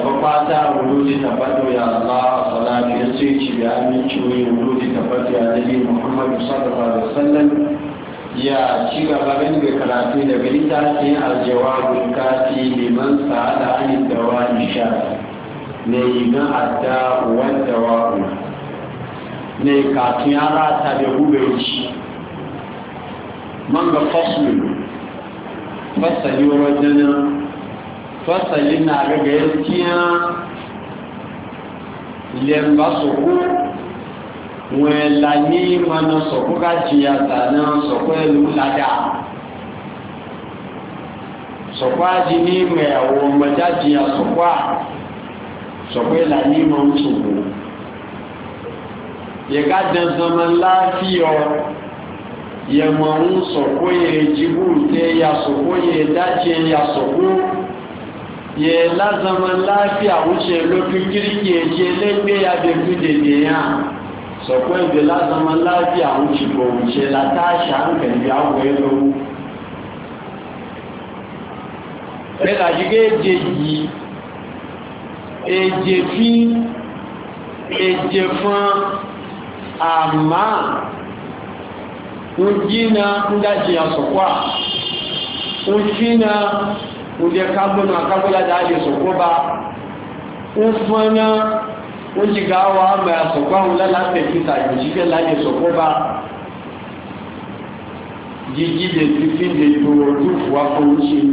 فقطع ولود تبدو يا الله صلاة يسيج بأمين شوي ولود تبدو يا نبي محمد صلى الله عليه وسلم يا شيخ غبن بكراتي لبريتاتي الجواب الكافي لمن سأل عن الدواء الشافي نينا الداء والدواء نيكاتي على تبهوبيش من فصل فصل يوردنا fasalin na ga gaskiya lemba soko wọn lanyi mana soko ka jiya tana soko elu lada soko aji ni mẹwo mẹja jiya soko a soko lanyi ma n soko yẹ ka dandanma lafiya yẹ ma n soko yẹ jibu te ya soko yẹ dajẹ ya soko ya la zaman lafiya wuce lokin kirki ya ce lagbe ya bebi da neya sakwai da la zaman lafiya wuce ko wuce la tashi hankali ya gwelo ẹ̀ka ṣíké èjè yìí èjè fi èjè fún àmà ń jí na ń dájì àsọ̀kwà ń fi na kuje kabuna kabula da ake soko ba ufana kun jigawa mai a soko an lalata kita yi cikin lage soko ba jiji da jifi da yiwuwa tufuwa kunci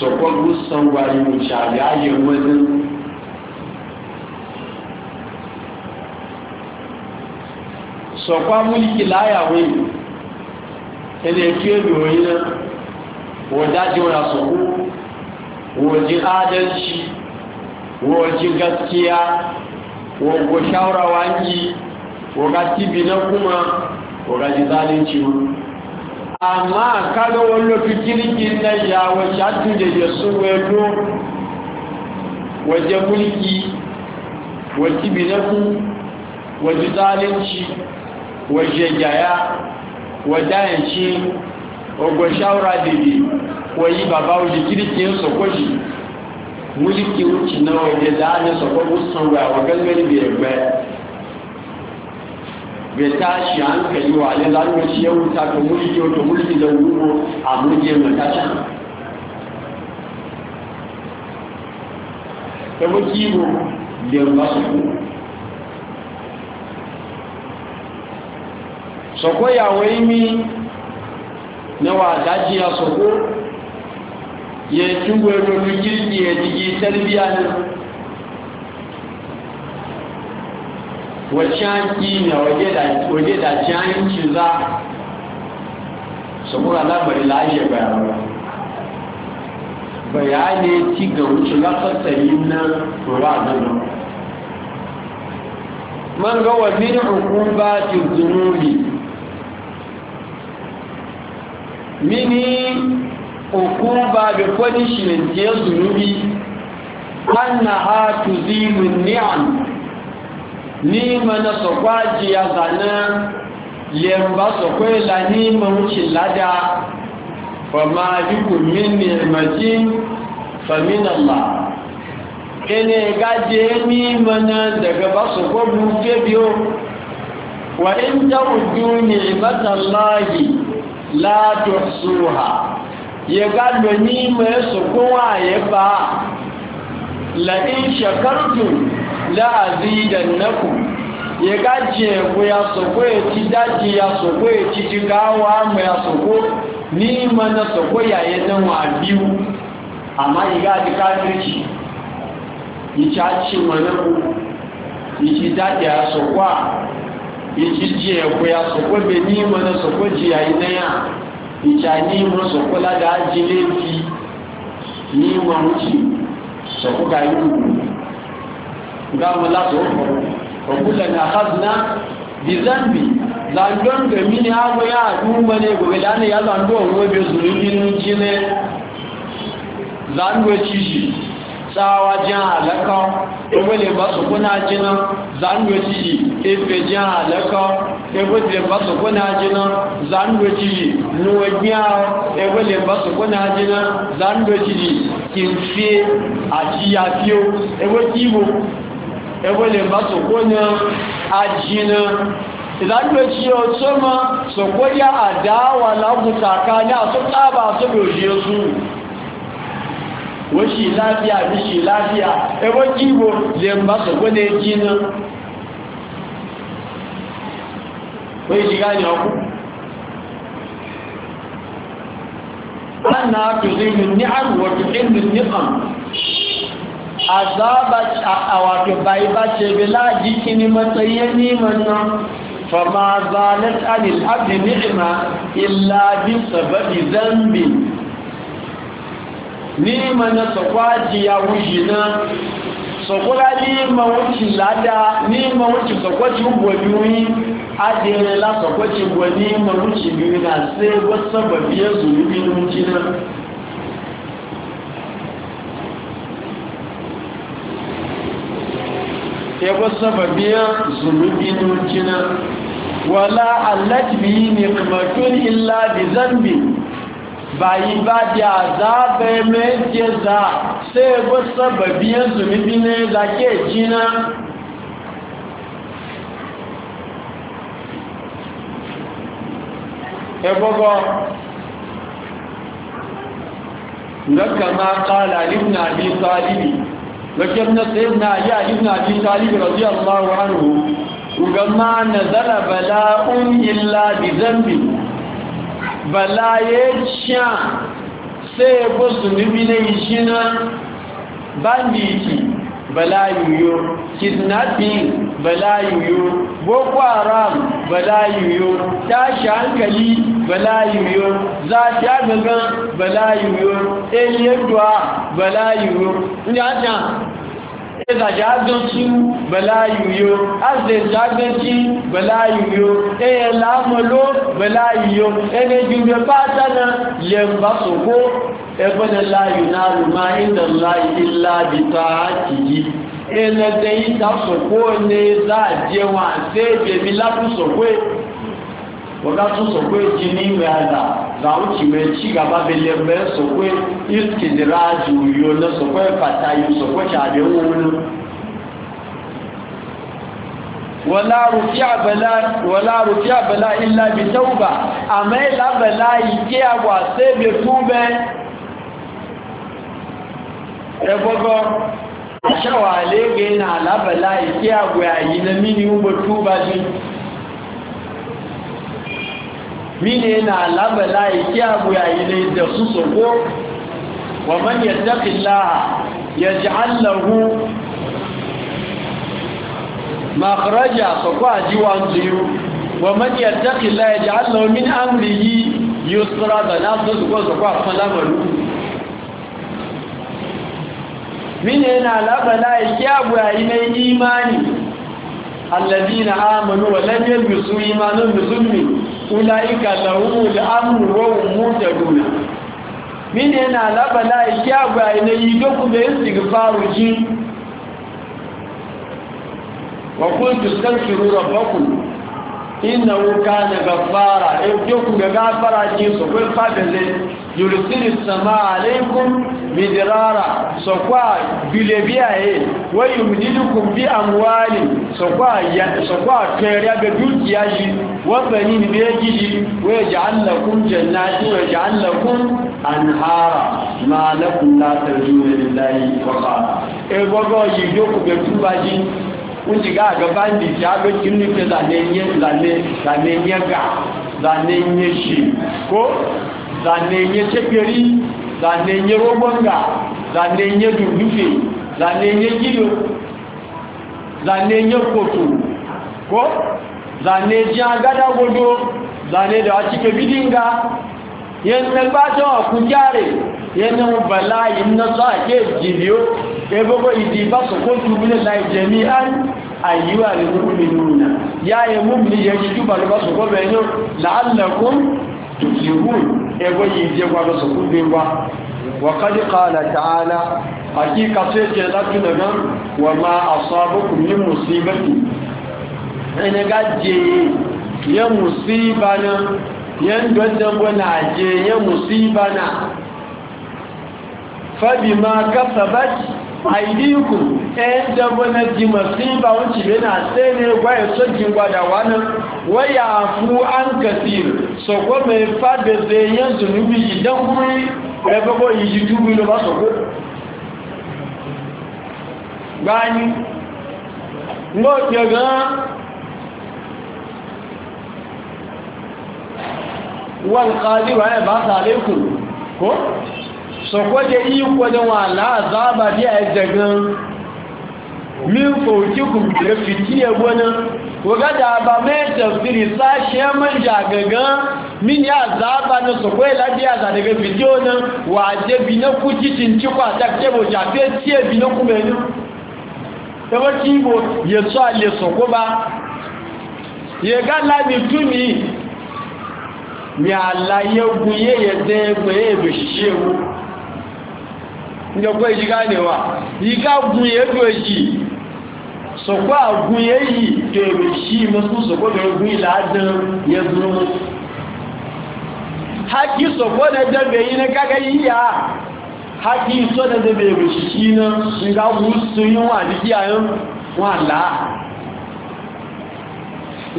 soko gusan gwari mu shari ayin wajen sọ̀pá múlìkì láyàwó ẹni ẹ̀kí èrò orí náà wọ̀dájú ọ̀rà sọ̀kú waje adalci waje gaskiya waje shawara wangi waga tibi na kuma waje zalunci amma kada wani fikirkin na ya wace da ya su wedo waje mulki waje tibi na ku waje zalunci waje jaya waje yanci waje shawara daidai koyi baba wuli kirki yin sokoji mulki wuci na waje da an yi sokoji sun ga wa gangani bai gbe bai tashi hankali wa ne za mu ci yau ta to mulki to mulki da wuro a muje mu tashi ta muki mu da ba su sọ̀kọ́ ìyàwó imi níwà àdájí asọ̀kọ́ ya tungo ya tofi kirki ya jigi tarbiya wacan kina waje da can ci za su kura labarin lashe bayanwa bayanai ci ga wuce lafasarin nan tura zanen man ga wa min hukumati zunubi mini hukuma da punishment ya zunubi anna ha tuzimu ni'am nima na sokwaji ya zana lemba sokwai la nima wuce lada wa ma bikum min ni'matin fa min Allah ene gaje ni mana daga basu ko buke biyo wa in tawdu ni'matallahi la tuhsuha ya gado ni mai sukunwa ya ba la'in shakartun la'azidan naku ya gaje ku ya soko ya ci daji ya soko ya ci jigawa mu ya soko ni mana soko ya yi dan wa biyu amma ya gaji kafirci ya ci aci mana ku ya ci daji ya soko ya ci je ku ya soko bai ni mana soko ji ya yi na ya ìjà ní ìmọ̀ sọ̀kọ́lága ajílé fi ní ìmọ̀ òjì sọ̀kọ́gà ìlú gbáwọn láti ọ̀pọ̀ ọ̀pọ̀lẹ̀ ní àkásínà dìzẹ́mbì làjọ́n gẹ̀mí ní agbóyá àdúgbò ní gbogbo ìdáni yálà ń bọ̀ òun obi òsùn ní inú jílé zanwe chichi sáwájá àlẹ́kọ́ owó lè bá sọ̀kọ́ náà jiná zanwe chichi ife jẹ́ àlẹ́kọ́ ẹgbẹ́ ti lè bá sọ̀kọ́ náà jiná zandoci yìí ní ẹgbẹ́ ẹgbẹ́ lè bá sọ̀kọ́ náà jiná zandoci yìí kí n fi àjíyà tí ó ẹgbẹ́ tí ìwò ẹgbẹ́ lè bá sọ̀kọ́ náà ajiná zandoci yóò tó mọ́ sọ̀kọ́ wọ́n ṣì láfíà bí ṣì láfíà ẹgbẹ́ tí ìwò lè bá sọ̀kọ́ náà wai shiga ne ku anna tuzimu ni'am wa tuzimu niqam azaba a wato bai ba ce bila jikini matsayin niman nan فما زالت عن العبد نعمة إلا بسبب ذنب adịghị lasọkwaci gwa n'ime wuce biyu na sai wasu babiya zurubin wuce na ya wasu babiya zurubin wuce na wala allati bi niqmatun illa bi dhanbi bayi ba da azabe me jeza sai wasu babiya zurubin ne zake jina بابا لك ما قال ابن أبي صالب لك ابن سيدنا يا ابن أبي صالب رضي الله عنه وقال ما نزل بلاء إلا بذنب بلاء يتشع سيبص نبين يشينا بانديتي بلاء يميور كذنات بيه bala yiwu boko haram bala yiwu tashi hankali bala yiwu zafiya gangan bala yiwu eliyar duwa bala yiwu inda hata Eza jaganci balayiyo, azde jaganci balayiyo, eye lamolo balayiyo, ene jube fata na yamba soko, ebe na layu na ruma inda layi illa bi ta haki ene da yi ta soko ne za a je wa se bebi latu soko wọ́gá tún soko ji ní ìwé àdá làwọn ti wẹ̀ tí gàba bẹ̀lẹ̀ mẹ́ soko ìkìdìrà ju yóò lọ soko ìfàtà yóò soko ṣàdé wọn wọ́lá rùfí àbẹ̀lá ilá ibi tẹ́wùbà àmẹ́ ìlàbẹ̀lá ìké àwà sẹ́bẹ̀ fún bẹ́ ẹgbọ́gọ́ a shawa lega yana labala ike agwayayi na mini ugbatu ba shi mini yana labala ike agwayayi na da su soko wa man yattaqi Allah yaj'al lahu makhraja soko ajiwa nziru wa man yattaqi Allah yaj'al lahu min amrihi yusra da nasu soko soko afala mine yana labala ya kyabu yayi mai imani allazina amanu wa lam yalbisu imanan bi zulmi ulaika amru wa hum muhtadun mine yana labala ya kyabu yayi ne yidoku da istighfaru wa kuntu tastaghfiru rabbakum inna wuka na gafara ɗauke ku ga gafara ce su kwai fadalin yurisiri sama alaikun bidirara su kwa bilebiyaye wai yumdidukun bi amwali su kwa tere ga dukiya shi wabani ne ya gishi wai ji allakun jannati wai ji allakun anhara ma lakun latar juna lillahi wa ƙara ɗauke ku ga tuba wuce ga ga bandit ya ga zane zanen ga zane zanen shi ko ce ya zane zanen robon ga zane ya dubufe zane ya gido zane ya foto ko zanen ya gada godo zane da a cike bidinga yanzu gbájọ́ ọ̀kún járe yanzu bàlá ìnáṣọ́ àti èjìlì ó ẹgbogbo ìdìbà sọ̀kún túnbílẹ̀ láì jẹ̀mí án àyíwà ìrúnmìnúnà yá ẹmú mi yẹ jíjú bàlúbà sọ̀kún bẹ̀yàn láàlẹ̀kún tùkìrún ẹgbẹ́ yìí yan dodon na je ya musibana fabi ma kasabat aidiku yan dabana ji masiba wuce yana sai ne gwaya sojin gwada wani waya fu an kasir so kwa mai fada zai yan zunubi idan kuma ya bago yi ji e dubi na gani ngo ti gan wal qadiru ala ba'sa alaikum ko so ko je yi ko da wala azaba bi a jagan min fawkikum da fitiya gona ko ga da ba mai tafsiri sashe man jagagan min ya azaba na so ko la biya za daga fitiyo nan wa je bi na kuci cinci kwa ta ke bo ja fe tie bi na kuma ni tawaci bo yeso ale so ko ba ye ga la mi tuni mi àlàyé ogun yé yẹ̀dẹ́ ẹgbẹ̀ èbè ṣiṣẹ́ ewu ìjọpọ̀ ìjíká nìwà ìjíká ogun yé tó èjì sọ̀pọ̀ ogun yé yìí tó èbè ṣí mọ́sún sọ̀pọ̀ tó ogun ìlàádán yẹ dúró haki sọ̀pọ̀ nẹ́dẹ́gbẹ̀ yìí ní kákẹ́ yìí haki sọ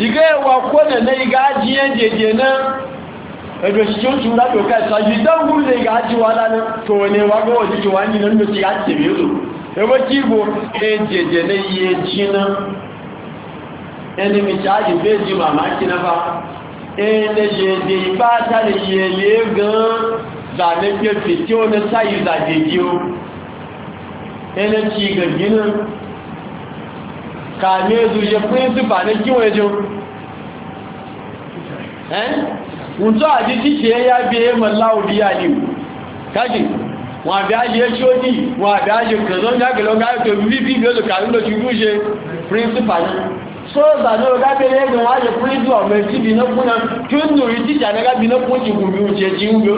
ìgẹ́ ìwà kó nẹ̀ ìgá jíyẹ́ jẹjẹ náà ẹgbẹ̀ ṣíṣẹ́ oṣù látòkà ìsájú ìdáhùnlẹ̀ ìgájíwá lánàá tó wọ́n ni wágọ́ òjíjíwá nínú ló ti á tèmi lò ẹwọ́ tí ìbò ẹjẹ̀jẹ̀ lè yẹ jíná ẹni mi ṣáàjì bẹ́ẹ̀jì màmá kínáfà ẹlẹ́yẹ̀dẹ̀ ipá sáré yẹ̀lẹ́ gan tí ó ní sáyì zàdèjì o ẹlẹ́tì gẹ̀gínà kàmí yẹ píríncípà ní kíwọ́n ẹjọ́ ǹtọ́ àdíjí ṣe yá bí i mọ̀ láòrí yà ní kájì wọn àbí ayé ṣóní wọn àbí ayé kẹsàn jágẹ̀lọ́gá ètò bíbí lọ́dọ̀ kàrínlò ti rú ṣe príncipal sóòzà ní ọgá bẹ̀rẹ̀ ẹgbẹ̀ wọ́n ayé príncipal ọmọ ẹ̀sí bí iná fún náà tí ó ń lòrí títà nígbà bí iná fún ìjìnkú bí oúnjẹ jí ń gbó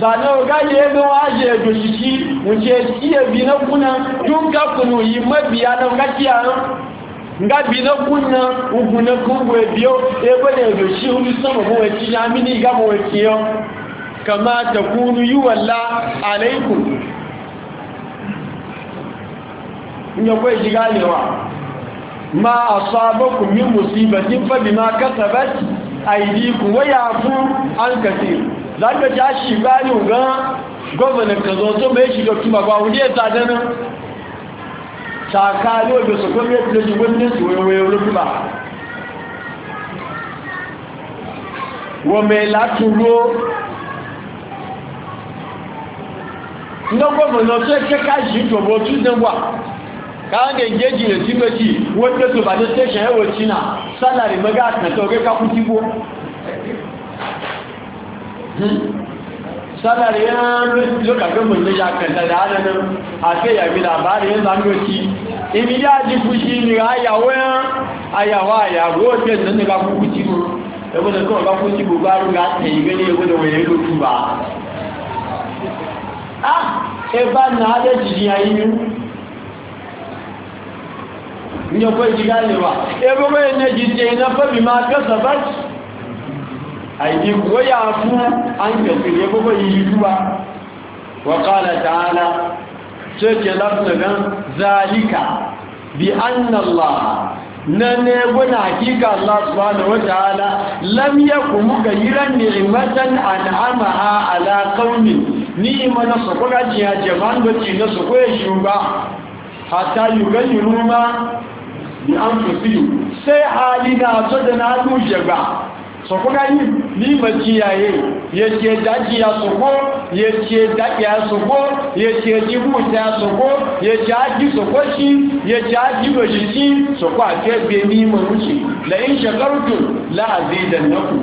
zane ga ye na kuna tun ka kunu nga bi na kunna ugu na kungu ebiyo ebe na ebe shi ulu sama mu weki ya mini ga mu weki yo kama ta kunu yi walla alaikum nya kwa ji galewa ma asabakum min musibatin fa bi bima kasabat aydikum wa yafu an kaseer zaka ja shi bani ga gwamnati ka zo to mai shi da kuma ba wuri ya e dana? ṣàkà ní òjò sọ̀kọ́lẹ̀ ìpínlẹ̀jì witness wẹ̀wẹ̀ olóbìbà wọ̀mẹ̀ láti ró lọ́gbọ̀mọ̀lọ́ tó kẹ́kà sí ìjọba túnṣẹ́ wà káàkiri jẹ́jì rẹ̀ sí méjì wọ́n tó bá tó tẹ́ṣẹ̀ ẹwọ̀ china sálàrì mẹ́gà àtìmẹ̀tọ́ ọgẹ́ kákú tí bó hmm? sálàrì yẹn lókàgbẹ́mọ̀ lójà kẹtàdà ánẹ́nà àti ẹ̀yàgbé làbárí ẹ̀ ibi yá di fushi ni àyàwó ẹran àyàwó àyàwó ọjọ́ ìtàn ní bá kúkú tí mo ẹgbẹ́ tó bá kú sí gbogbo arúgbó àti ìgbé ní ẹgbẹ́ wọ̀nyẹ ló tú bá. ẹbá náà lè jìdí ayinú ní ọkọ̀ ìjìká lè wà ẹgbẹ́ wọ́n yẹn jìdí iná fẹ́bì máa kẹsàn bẹ́ẹ̀ sai ke lafi gan zalika bi annallah na ne guna hakika Allah subhanahu wa ta'ala lam yakum ghayran ni'matan an'amaha ala qaumin ni'ma na su kuka ji jama'an da ci na su ko shuga hatta yugayiru ma bi anfusihim sai halina to da na duje ba sọ̀kúnká yìí ní ìmọ̀kíyàyè yẹ ti ẹ̀dá jí asòkó yẹ ti ẹ̀dá kí yẹ ti ẹ̀dí wù sí yẹ ti ájí sí yẹ ti ájí sí ní lẹ́yìn ṣẹ̀kọ́rùtù ìdẹ̀nàkù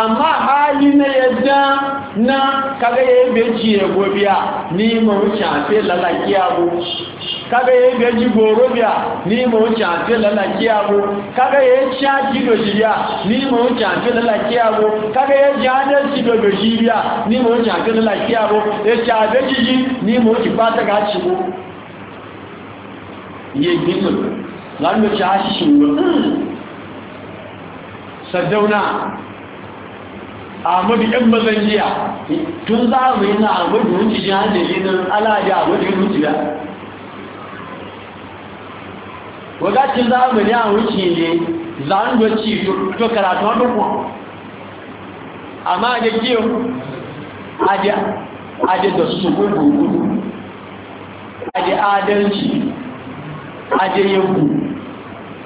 amma hali na yadda na kaga ya yi bai ciye gobiya ni mawucin a fi lalakiya kaga yayi da ji goro biya ni mu wuce a fi kiya go kaga yayi cha ji do shi biya ni mu wuce a fi kiya go kaga yayi jana ji do do shi biya ni mu wuce a fi kiya go ya cha da ji ji ni mu wuce ba ta ga ci go ye gizo lan mu cha shi go sadauna amma bi yan mazan jiya tun za mu yi na amadu wuce jihar da yi nan ala da amadu wuce ya wakacin zamani a wuce ne zangoci to karatu wadda kuma amma da kiyo aje da su gugu aje adalci aje yanku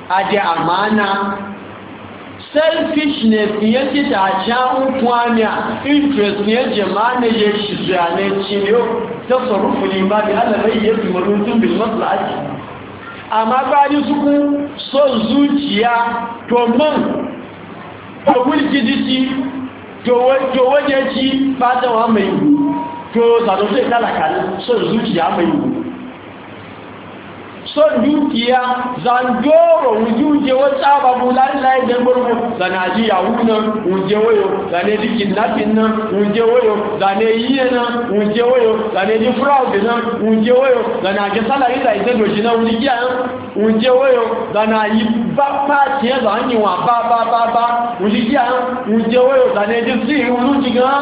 aje amana fiye yake ta sha'un kwamiya interest ne jama'a ya shi zuwa ne ciyo ta ba da alabai ya fi maruntun bilmasu ake amma tsari suku son zuciya to man to wulki jiki to waje ci fatan wa mai to zato zai talaka son zuciya mai yiwu son dukiya zandoro wujuje wata babu lallai da gurgu zana ji yawuna wuje wayo zane ji kidnapping nan wuje wayo zane yiye nan wuje wayo zane ji fraud nan wuje wayo zana ji salari da ita doshi na wuje kiya nan wuje wayo zana yi ba pa tiye za hanyi wa ba ba ba ba wuje kiya nan wuje wayo zane ji siri wuluji gan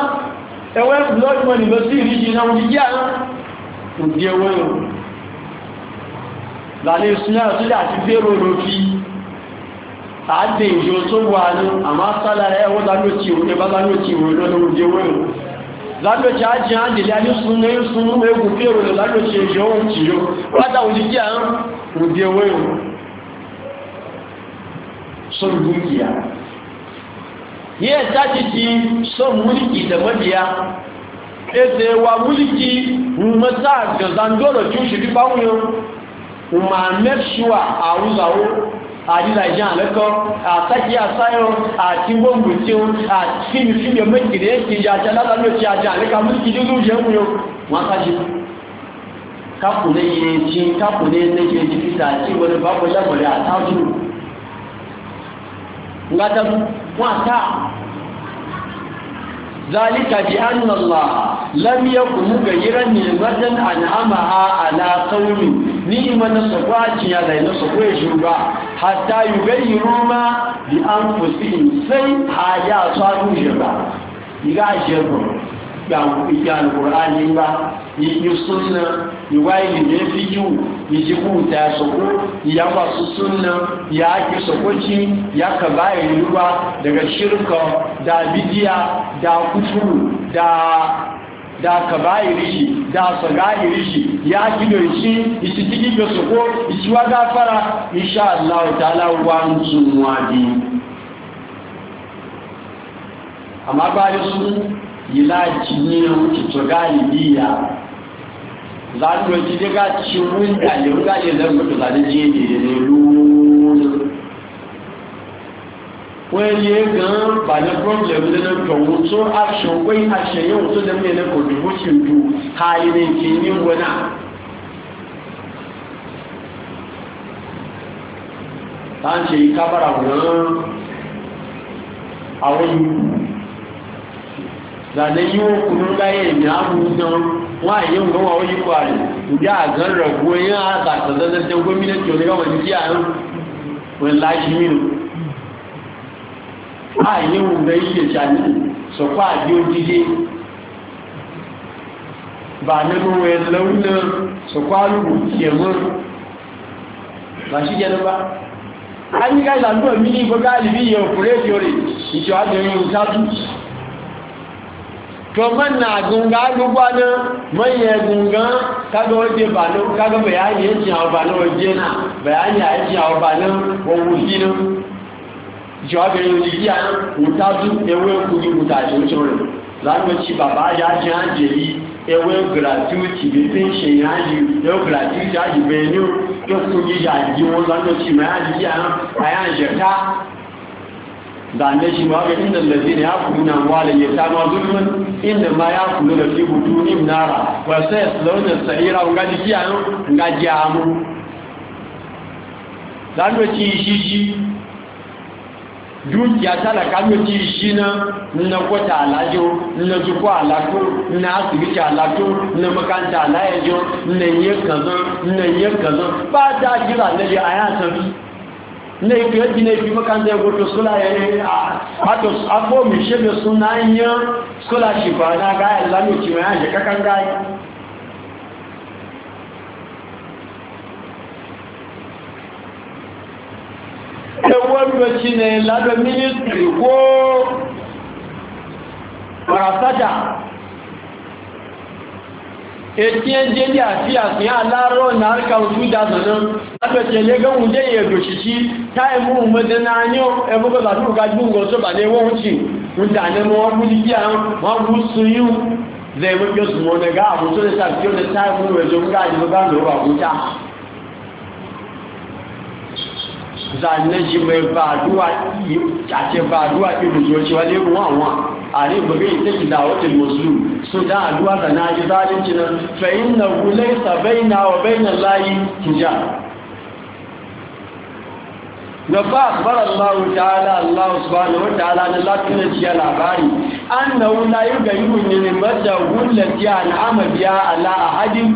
ewe blood money lo siri ji na wuje kiya wuje wayo lálé súnà sílẹ̀ àti bẹ́rọ lókí àádé ìjọ tó wà ní àmá sálà ẹwọ́ lálótí òun ẹbá lálótí òun lọ́lọ́wọ́dé wọ́n lálótí ajé àdìlé alísúnà ìsúnú egun bẹ́rọ lálótí ìjọ òun tí yóò wádà òun jíjẹ́ àrùn òdé wọ́n sọ́rọ̀ dúkìá yíyẹ sáti ti sọ múlìkì ìtẹ̀mọ́dìá ẹsẹ̀ wa múlìkì mọ́sá gàzàndọ́rọ̀ tí ó ṣe bí báwọn ma make sure àwọn ìlàwó àdílàjá àlẹ́kọ́ àtàkì àsáyọ̀ àti gbọ́ngbò tí ó àti fílìfílì méjìlẹ̀ èkìjì àti alátàlò tí àti àlẹ́kà múlìkì dúdú jẹun yóò wọ́n kájí kápùlé yìí tí kápùlé lẹ́jẹ̀ ti fi sàtí wọlé bá kọjá pẹ̀lú àtàkì ذلك بأن الله لم يكن مغيرا نعمة أنعمها على قوم نعمة يا على نصف ويشربا حتى يغيروا ما بأنفسهم سي حياة صاروا جبا إذا جبوا ìgbà alùkùránì ńlá ní súnnà ìwá ìlìlẹ̀ fíjú súnnà ya ake ya ìlúwa daga shirka da da kuturu da da kabairi shi da sagairi shi ya gido shi isi tiki ga soko isi wa fara insha Allah ta'ala wa nzu wadi amma ba su ìlàjì ní ìtọ̀gá ìlíyà lánàá ti dé ká ti mú ìdàlẹ̀ ń gáyé lẹ́gbẹ̀ẹ́ problem lẹ́nu tọ̀hún tó aṣọ pé a tó lẹ́mú ẹ̀lẹ́ kò dùbò sí ju ha ilé ìké ní wọn náà láǹṣe zanen yi wa kunun laye ne abu nan wa yin gama wa yi kwari da a zan rago yin a zaka zanen don gwamnati wani gama jiki a yan wani lashi minu a yi wunga yi ya shani so kwa biyo jike ba na nuwa ya launa so kwa lugu kemun ba shi gani ba an yi gaisa nuna mini ko galibi ya fure fiore ike wajen yin to na gunga lugwa na manye gunga kaga waje ba nan kaga bayani yaji a ba nan waje na bayani a yaji a ba nan wa wuhi nan jawabi ne ewe kudi mutaje wucin rin lagbaci baba ya ji ajiyari ewe gratuity bi fi ṣe yaji ewe gratuity aji bayani yóò kudi yaji wọn lagbaci mai ajiya ayajerta da ne shi ma ga inda lalzina ya kuru na wale ya ta ma zulmin inda ma ya kuru da fi butunin nara ba sai ya launin sa'ira ga jiki a nan ga jamu lanoci shi shi dukiya talaka lanoci shi na na kwata alajo na zuwa alako na asibiti alako na makanta alayajo na yi kazan na yi kazan ba ta jira na yi a yasan laifi yadda laifi makanta ya goto sula ya yi a abuwa mai shirya suna yin sula shi ba na gaya lamici mai yanzu kakan gaya ẹwọ́n rọ̀ṣì ní lábẹ̀ mínísírì kó marasájà etiye jeli a fiya fiya laro na harka wasu da zanen aka ce ne ga wuje ya doshi shi ta ba ne wawanci mutane ma wa guji giya ma gusu yi zai muke su mo daga abu su da sa fiye da ta yi zanaji mai baduwa ake baduwa irin yoci wale ruwa wa a ne yi ita da wata musulun su da aduwa da na ji zalunci na fa'in na gulai sabai na wa bai na layi hija na ba bar allahu ta'ala ba na wata ala na latin ci labari annahu la yugayyun min madda gulati na amabiya ala hadin.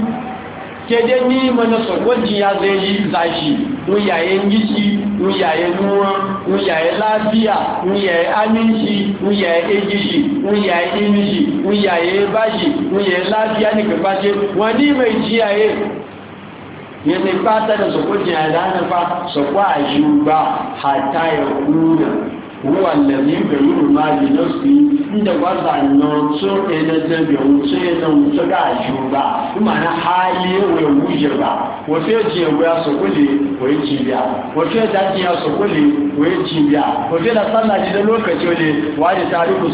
kede ni mana sọgbọji ya zai yi zashi n yaye ngishi n yaye nuwa n yaye lafiya n yaye aminci n yaye egishi n yaye imishi n yaye bashi n yaye lafiya ni karfashe wani mai jiyaye yanzu fata da sọgbọji ya zanafa sọgbọ a yi ba huwa lalli bayu ma li nafsi inda wasa no so ene zambi o so ene o so ga juba kuma na hali we wuje ba wo se je we aso kole we jibia wo se da je aso kole we jibia wo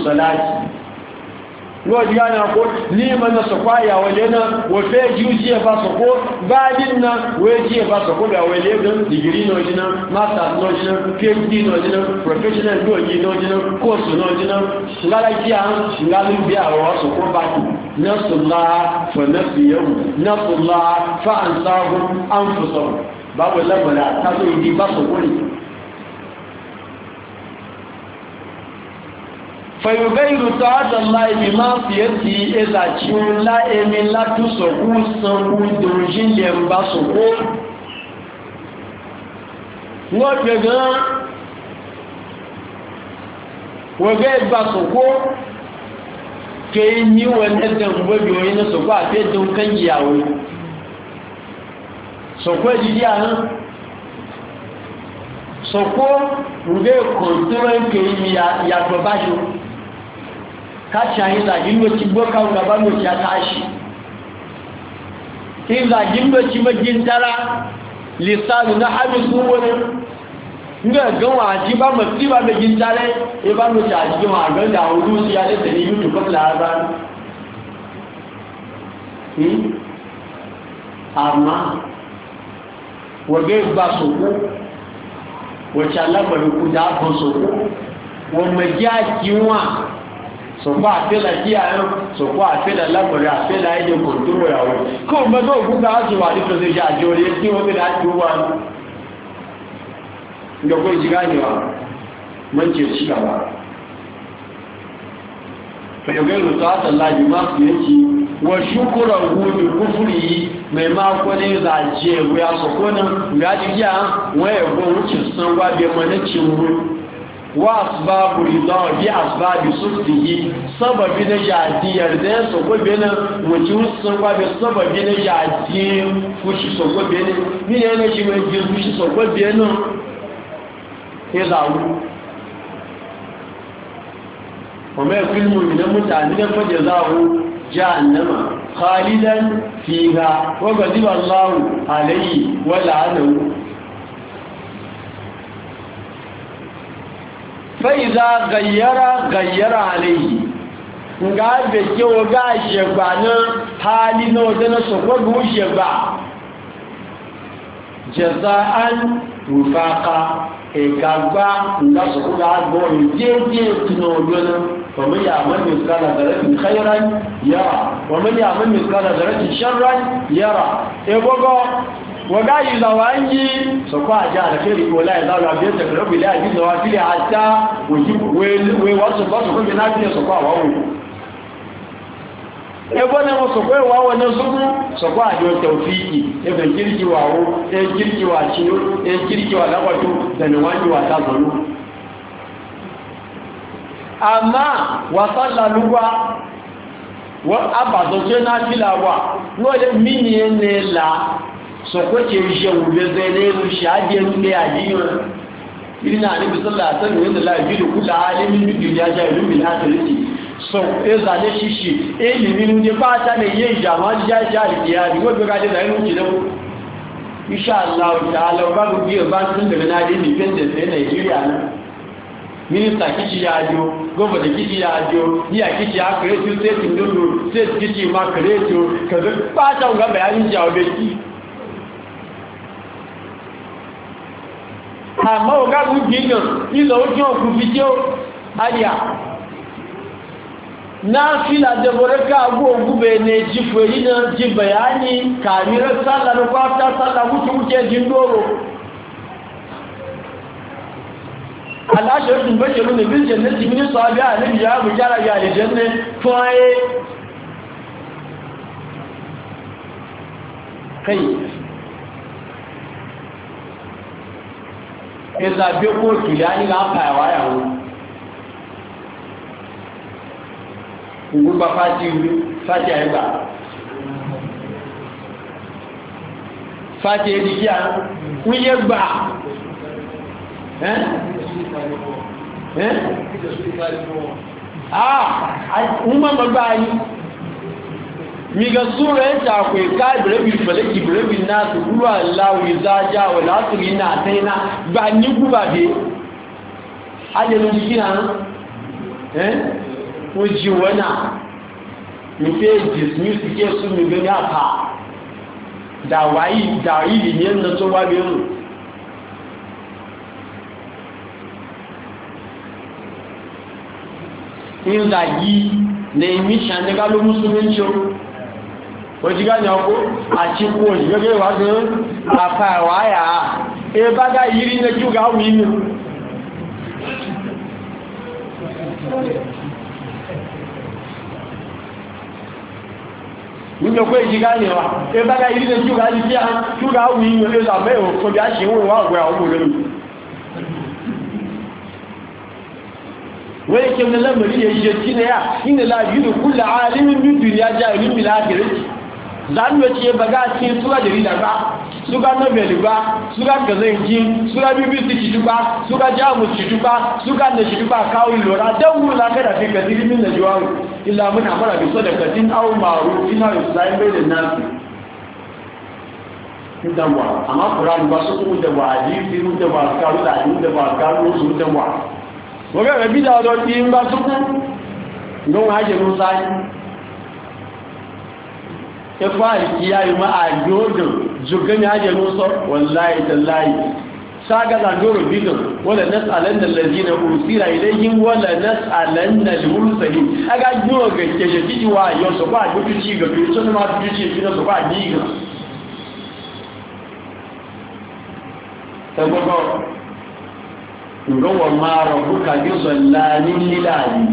se lọ́dí yánà kó níma na sọ̀kọ́ àyàwó lẹ́nà wọ́n fẹ́ jíú sí ẹ̀fà sọ̀kọ́ báyìí na wọ́n jí ẹ̀fà sọ̀kọ́ bẹ̀wọ̀ lẹ́gbẹ̀ dìgírí náà jiná masters náà jiná phd náà jiná professional náà yìí náà jiná course náà jiná lára jí à ń ṣùgbọ́n bí àwọn sọ̀kọ́ bá kù nọ́sùlá fọ̀nẹ́fìyẹ̀wò nọ́sùlá fáànsáhùn áǹfọ̀sọ̀rọ̀ báwo lẹ́gbẹ̀rẹ̀ fẹ̀yọ̀gẹ́rù tó àdàlá ibi máa fi èsì ẹzà tí ó lá emi látú sọ̀kú sanwó dòjì lè ń bá sọ̀kó wọ́n pẹ̀ gan wẹ̀gẹ́ ìgbà sọ̀kó kèé ní wẹ̀lẹ́dẹ̀ gbogbo oyin sọ̀kó àti ètò kẹ́yìyàwó sọ̀kó ìdídí àrùn sọ̀kó rúgbẹ́ kọ̀ọ̀tọ́rọ̀ kèé ní yàtọ̀ báyìí káàkiri àyín zàgín ló ti gbókà ọ̀gbà ló ti àtàṣì tí zàgín ló ti mẹ́jìntara lìsáàlù náà hàbìsù wọlé ní ẹ̀gán wà àti bá mọ̀ tí bá mẹ́jìntara ẹbá ló ti àjíjọ àgbẹ́ndà olú sí alẹ́sẹ̀ ní yúdù kọ́pìlà ara àmà wọ̀gẹ́ ìgbà sòkú wọ̀ṣà lábẹ̀rẹ̀ kú dáàbọ̀ sòkú wọ̀mẹ̀jẹ́ àjíwọ̀n sọ̀kọ́ àfẹ́lẹ̀ kí àárọ̀ sọ̀kọ́ àfẹ́lẹ̀ lágbọ̀rẹ́ àfẹ́lẹ̀ ayé kò tó wọ̀ yàwó kó o mẹ́tọ́ òkúta á sọ̀rọ̀ àti tọ́sí ìjà àjọ rẹ̀ kí wọ́n mẹ́ta tó wà ní ìjọkọ́ ìjìká ìyẹ̀wà wọ́n ti má fi wọ́n yìí mai mako ne za a jẹ́ asọ̀kọ́ náà wọ́n ní wa asbabu ridha bi asbabi suftihi sababi na jadi yarda so ko bene wuci so ko be sababi na jadi fushi so ko bene ni ne ne shi me ji fushi so ko bene ke da wu wa ma fil mu'mina mutanidan fa jazahu jahannama khalidan fiha wa ghadiba Allahu alayhi wa la'anahu fa'iza gayyara gayyara alayhi nga be ke o ga shegba na hali na wata na sokwa bu shegba jaza'an rufaqa e gagba nga sokwa ga gbo ni jeje tuno yona ومن waga yi zawangi su kwa ji a tafiya riko laye zaura biyar da rabu laye bi zawa fili a ta wai wasu ba su kuma na fiye su kwa wawo ebe na wasu kwa wawo na suku su kwa ji taufiki ebe kirki wawo e kirki wa ciyo e kirki wa lagwato da ni wani wa ta zanu amma wasalla lugwa wa abazoke na fila wa wọ́n lè mí ni ẹni la sọ̀kọ́kẹ́ iṣẹ́ òwúrẹ́sẹ̀ lẹ́rù ṣáájẹ́rú lé àyíyàn ìrìnà àríbísọ́lá àtẹ́lù ìrìnlá ìbílù kúlà alẹ́mí níbi ìdí ajá ìlú mi látẹ̀lẹ́sì sọ ẹzà lé ṣíṣì èlì nínú ní pátá lè yé ìjàmọ́ jíjá ìjá ìdíyà ìwé gbẹ́gbẹ́ láìnú jìlẹ́ iṣẹ́ aláwọ̀ta alọ́gbà gbogbo ọba tí ń bẹ̀rẹ̀ náà dé ní pẹ́ntẹ̀sẹ̀ nàìjíríà náà minista kici ya jo gwamnati kici ya jo niya kici ya kare su sai tun dundu sai kici ma kare su àmọ́ ọgágun jíyàn ilọ̀ ojú ọkùn fi jẹ́ àyà náà fílà jẹbọrẹ́ká agbó ogúnbẹ̀ ní jífò èyí náà jíbẹ̀ á ní kàmírẹ́ sálà nípa sálà wútúwútẹ́ jí lóòrò aláṣẹ́rùn bẹ́ṣẹ̀rù ní bí jẹ́ ní ní sọ abẹ́ àníbi yà ábù jára yà lè jẹ́ ní fún ayé ẹ̀sà bí ó kó òkìlì á nílá pa ẹ̀wà ẹ̀wọ̀ ìgbúgba fájì ìlú fájì àìgbà fájì èdè kí a wíyé gbà ẹ́ ẹ́ ah wọ́n mọ̀ gbà miga sura ta ku kai brebi falaki brebi na su ruwa Allah wi zaja wa la su ina taina ba ni ku ba de aje no dikina eh ko ji wana mi fe dismiss ke su mi gani aka da wayi da yi ne na to wa bi mu in da yi ne mi shan daga lo musulunci wọ́n ti gáyà ọkọ́ àti kú òyìn gẹ́gẹ́ wá gan àpá ẹ̀wàáyà ẹbágá yìí ní kí ó inú nínú pé ìjìká ní wa yìí ní kí ó gá ní kí ó inú ẹlẹ́sà mẹ́rin òkú wọ́n wà kí ọmọ lẹ́mọ̀rí yẹ ṣe sí náà ìnìlá yìí kú làálí nínú ìdìrí ajá ìlú mìlá kìrìtì zanuwa ce ba ga cikin sura jarida ba suka nobel ba suka gazanji suka bbc citu ba suka jamus citu ba suka da citu ba kawo lura don wula kada fi kasiri min da juwaru illa muna mara bi so da kasin au maru ina yi sayin bai da nasu dawa amma kuran ba su kuma dawa hadisi mu dawa karu da hadisi dawa karu su dawa wabe rabi da wadda in ba su kuma don hajji musayi ya fara kiyaye ma a yodin zurgan ya je nusa wallahi tallahi saga na doro bidin wala nas'alan da lazina ursila ilayhim wala nas'alan da mursalin aga doro ga keje kiji wa yo so ba duki ci ga to sun ma duki ci ga so ba ni ga tabago ngowa ma rabbuka yuzallani lilali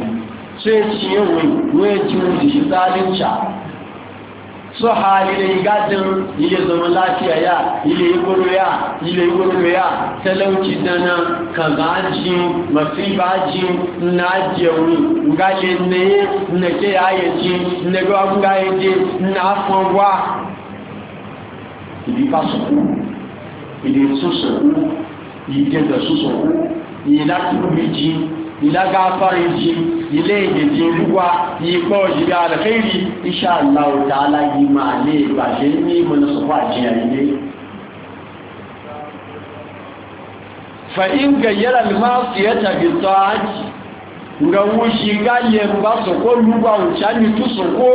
sai ciyewu wai ciwu shi zalinca su halin gadin ile zaman lafiya ya ile goro ya ile goro ya talauci dana ka gaji mafi baji na jewu gale ne na ke yaye ji na gwa ga yaje na ìlágáfárí jí ilé ìdèdè olúwa ipò òjìrí àrẹ̀fẹ́rí iṣẹ́ aláwọ̀dá aláyí máa lè ìbàjẹ́ ní mọ̀lọ́sọ̀fà àjíyà ilé fa'in gayyara limasu ya tafi tsohaji ga wushi gayyar ba su ko lugba wuce mitu su ko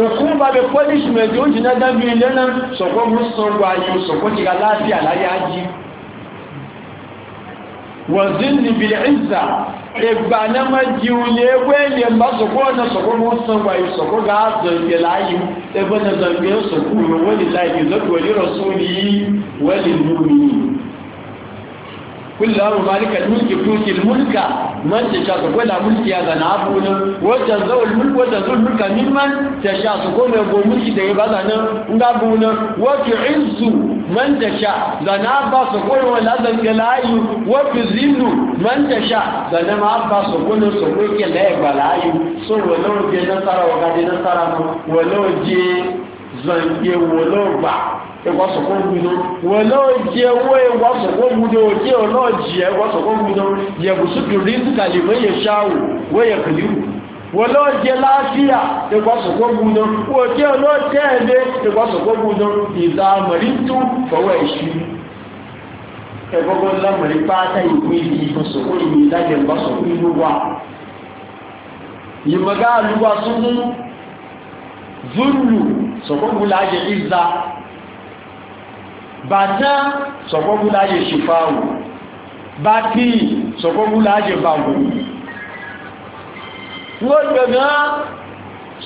òkú bá bẹ pọ́lísìmẹ̀tì ó jìnà dábí ilẹ̀ náà sọ̀kọ́ mú sọ́rọ̀ ayé sọ̀kọ́ ti ga láti àláyé ají wọ́n sí ní bìlẹ̀ ìsà ìgbà náà má jí ulẹ̀ ẹgbẹ́ ilẹ̀ bá sọ̀kọ́ ọ̀nà sọ̀kọ́ mú sọ́rọ̀ ayé sọ̀kọ́ ga zọ̀gbẹ̀ láyé ẹgbẹ́ náà zọ̀gbẹ̀ sọ̀kọ́ wọ́n lè láyé lọ́dọ̀ wọ́n كل أمر مالك الملك توتي الملك من تشاء تقول ملك يا ذنابون وتنزو الملك وتنزو الملك ممن تشاء تقول يقول ملك ده يبادنا نابون وتعز من تشاء ذنابا تقول ولا ذنجلاي وتذل من تشاء أبا تقول تقول كلا يبالاي سو ولو جي نصر وقد نصر ولو جي zan iya wọlọ gbà ìwọ́sọ̀kọ́ gbúdó wọlọ jẹ owó ìwọ́sọ̀kọ́ gbúdó jẹ ọlọ́ jẹ ìwọ́sọ̀kọ́ gbúdó yẹ bùsùkù rí nìkàlì wẹ́yẹ ṣáwù wẹ́yẹ kìlìwù wọlọ jẹ láàfíà ìwọ́sọ̀kọ́ gbúdó ìlú wa ìmọ̀gá àlúwà súnmú zurlu sọ̀kọ́kú láyé ìzá bàtá sọ̀kọ́kú láyé ṣìfáwò bàtí sọ̀kọ́kú láyé bàwò wọ́n gbẹ̀gbẹ̀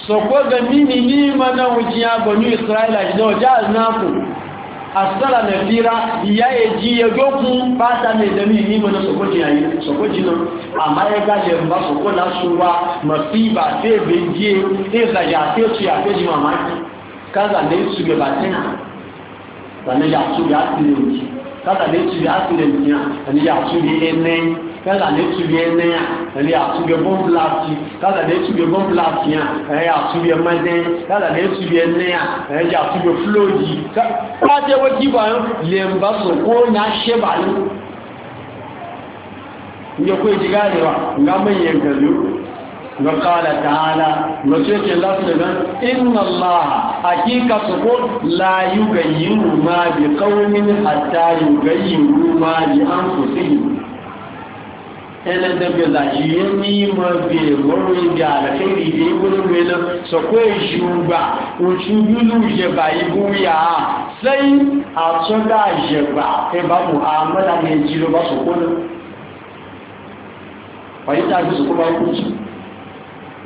sọ̀kọ́ gẹ̀mí ni ní mọ́ná òjìyàn bọ̀ ní ìsìráìlá ìdánwò jáà náà kò asala na fira ya eji ya goku ba ta mai dami ni mu na sokoji yayi sokoji nan amma ya ga le ba soko la suwa masiba te benje te za ya te ci ya te ji mama kaza ne su ga batina sanne ya su ya ti ne kaza ne su ya ti ne ya sanne ya su ne ne kada ne tube ne ya ne ya tube bon blati kada ne tube bon blati ya eh ya tube maden kada ne tube ne ya eh ya tube floji ka je wo ki ba le mba so ko na she ba ni yo ko ji ga ne Allah subhanahu inna Allah hakika suko la yughayyiru ma bi qaumin hatta yughayyiru ma bi anfusihim ene da bi la yemi ma bi woro ibi ala ke ri de woro we lo so ko ejuba ojubulu je ba ibu ya sai atsoda je ba e ba muhammad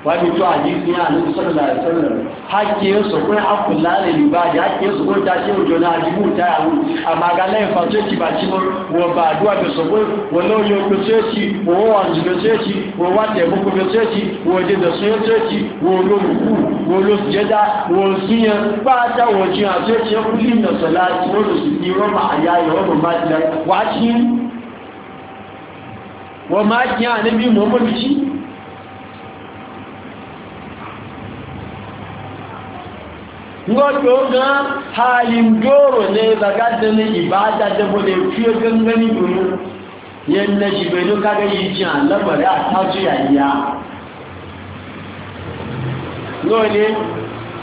wani to a jikin ya nan sallallahu alaihi wasallam hakkin su kun akulla ne liba ya hakkin su kun ta na jibu ta yawo amma ga lai fa ce ki ba ci mo no yo ko ce ci wo wa ji be ce ci wo wa te bu ko be ce ci wo de de so ce ci wo lo ku wo lo jeda wo sunya ba ta wo ji a ce ci ku lin ngoto ga halin doro ne zaga da ne ibada da bude fiye gangani duru yanda shi bai duka ga iji a alamari a ya ya. lole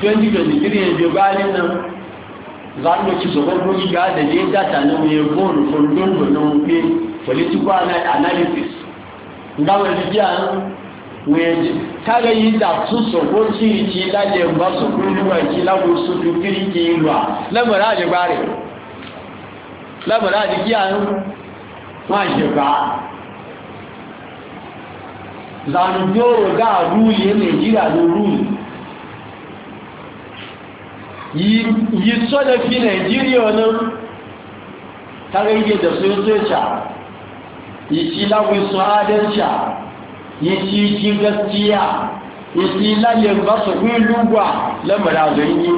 2023 yanzu bayan na za mu ci ga da ne data ne mai gon fundun gon pe political analysis wéjì kága yìí dà tún tí ìjì lájẹ̀ ń bá níwà ìjì láwọn sójú kiri kì í lọ lẹ́mọ̀rá àjẹgbá fi nàìjíríà náà kága yìí dà sọ́dọ̀ sọ́dọ̀ ìjì láwọn ya ci ci gaskiya ya ci layin ba su kun lugwa lamara zai yi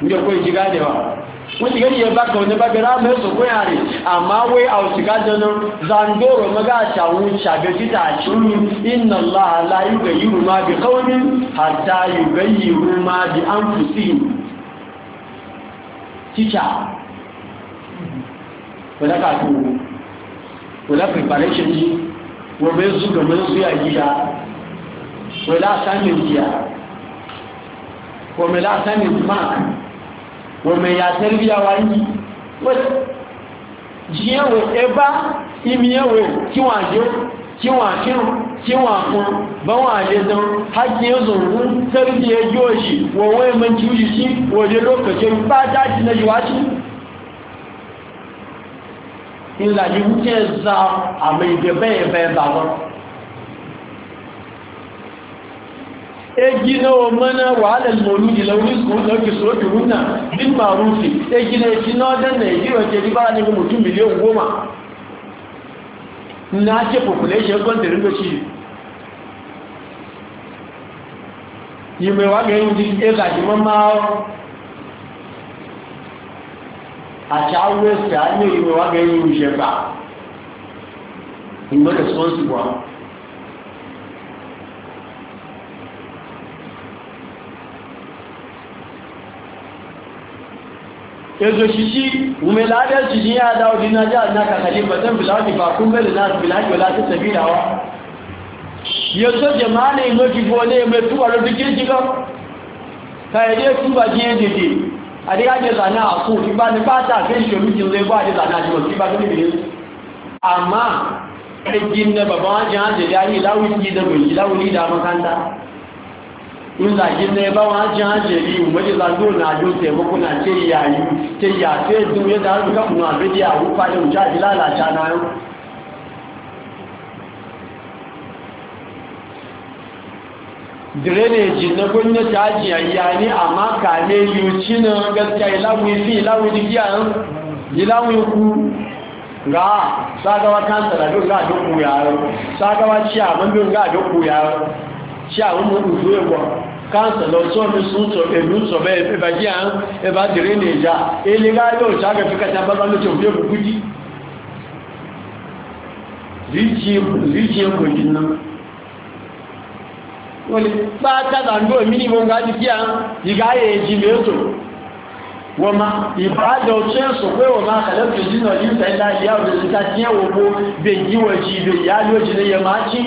inda kawai shiga da ba wọ́n ti gẹ́gẹ́ bá kàwọn nípa gẹ́gẹ́ láàmẹ́ ìsòkó ìyàrí àmá wé àwòsíká jẹnu zangoro mọ́gá àṣàwọn ṣàgẹ́síta àṣírí iná láàlá yúgẹ̀ yìí máa bí kọ́wọ́ní àtà yúgẹ̀ yìí máa bí áńfùsí wa bai su ga mai su ya gida wa la sanin jiya wa mai la sanin mark wa mai ya tarbiya wa yi jiyan wa ẹba imiyan wa kí wọn àjẹ́ kí wọn àkírùn kí wọn àkún bá wọn àjẹ́ dán hajji ya zùnrún tarbiya yóò yìí wọ̀wọ́ ẹmọ jíwìí sí wọ̀dẹ̀ lókàjẹ́ ìlà ji wuce za ebe ìdẹ̀bẹ́ ìbẹ̀ ìbàwọ́ ji na omana wàhálà lórí ìlà onísùn lọ́kì sókè runa bin màrúfì e na eki na ọdẹ nàìjíríà jẹ́ riba bá ní mutum miliyan goma na ake population kọntẹ̀rin lọ́kì ga yi àti àwọn ẹ̀sẹ̀ ayé ìwé wá gẹ́ yìí ìṣẹ́ gbà ìwé responsible wa. yanzu shi shi ume ladar shi ne ya dawo dina ja na kakali ba zan bilaki ba kun gani na bilaki wala ta sabi dawa yanzu jama'a ne mafi gole mai tuwa rubutun jiga ka yi dai tuba jiye jide adéyájẹ́sà náà kú nípa nípa tàbí ìṣòlú ti lè gbọ́ àjẹ́sà náà jùlọ nípa tó nìbìrí àmá ẹjì ní bàbá wọn jẹ́ àjẹ́ ayé láwùí jí dẹ̀bù yìí láwùí ìdá mọ́kándá ńlá jí ní bá wọn jẹ́ àjẹ́ rí ìmọ́jẹ́sà lóòrùn àjò tẹ̀mọ́kú drainage na gwamnati aji yayyani amma kane yuci na gaskiya ilawun fi ilawun jikiya nan eh? ilawun ku ga sagawa kansala don ga dokku yaro eh? sagawa ciyaman don ga dokku yaro eh? ciyaman mun uzo yawa kansala so mi sun so e lu so be e ba jiyan e ba drainage a ele ga yo saga fika ta ba lo to be ku kudi rijiye rijiye ko jinnan wani ba ta zanduwa minimum gaji kiya igaye ya ji mai to wama ibada ocensu pé wọ́n máa kàlẹ́kì sínú ìta ilá ìyá òdòsíta tí ẹwọ bó bèyíwọ̀jì ìbèyà lójì lè yẹ máa jí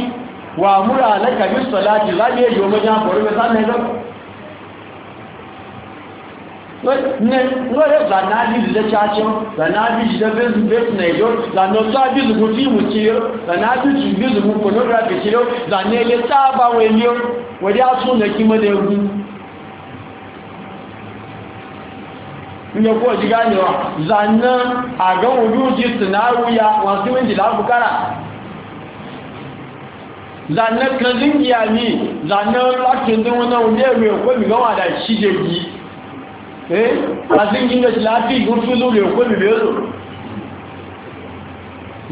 wà múra alẹ́kàbí sọ láti láyé èyí ọmọdé mẹ́ta mẹ́lọ́pù No, ne, nwere zanadi lecacin zanadi jidebin betnaido zanotu abizugu fimu kiro zanadi jibizugu pornography kiro zanele taba weliyo wadda su na kima da egwu nyekwo ji ganewa zannan agan wujuji sinaru ya wasu winji labukara Na kan zingiya ni zannan lakin zinwunan wunde mai kwamigawa da shi jirgi eh a cikin da shi lafi gurfi lori ko bi bezo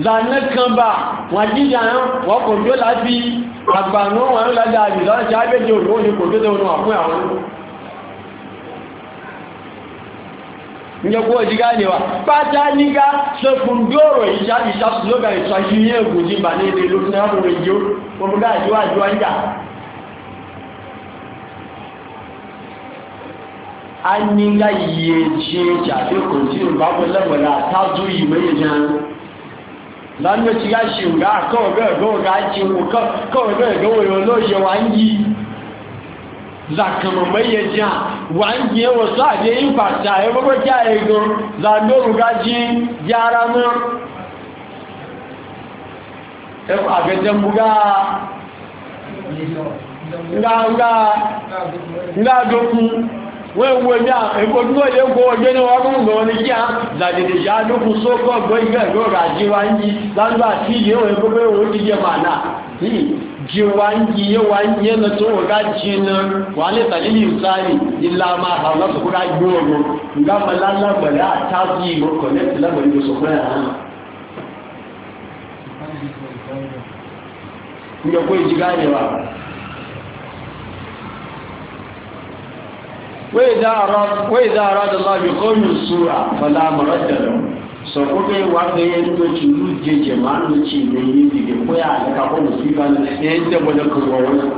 lànà kan bá wà jíjà yán wà kò tó láti àgbànú wà ń lájá àjìlá ṣe ágbẹ́jẹ́ òun ní kò tó tó wọn fún àwọn ìjọkú òjígá ni wà pátá nígá sẹ́kùn dóòrò ìṣà ìṣàṣìlógà ìṣàṣìyẹ́ ògùn jíbà ní ilé lókùnrin an yi ga yiyece shafi kuntiyar babu lamura ta zuyi mai jan lánàá ti yá ṣe ògá kọ́ọ̀gá ẹ̀gọ́ọ̀gá ti wò kọ́ọ̀gá ẹ̀gọ́ọ̀rẹ́ olóòyẹ wà ń yí zàkàmọ̀ mẹ́yẹ jẹ́ wà ń yí ẹwọ̀ sáàdé ìfàṣà ẹgbogbo já ẹgbọ́n zàdóòrùgá jí yára mọ́ àgẹ́jẹ́múgá ńlá wọ́n wo ẹ̀mí ẹ̀kọ́ tí wọ́n lè gbọ́ ọjọ́ ní wọ́n gbọ́ ní kí á làdìdì yá lókun sókọ́ gbọ́gbẹ́ ìgbọ́ra jíwá ń yí lálúwà tí ìyẹ́ wọ́n gbọ́gbẹ́ òun ti jẹ màá náà jíwá ń yí yẹ́ wá ń yẹ́ lọ tó wọ́n ká jiná wà lè tàlí ní ìsáàlì ilá máa hà lọ́sọ̀kúrá gbóòrò ńgá malálágbẹ̀rẹ̀ ìmọ̀kànlẹ̀ tìlágbẹ̀rẹ̀ وإذا أراد وإذا أراد الله بقوم سوء فلا مرد له so ko dai wanda ya yi doci ruje da ya ba da kurwa wani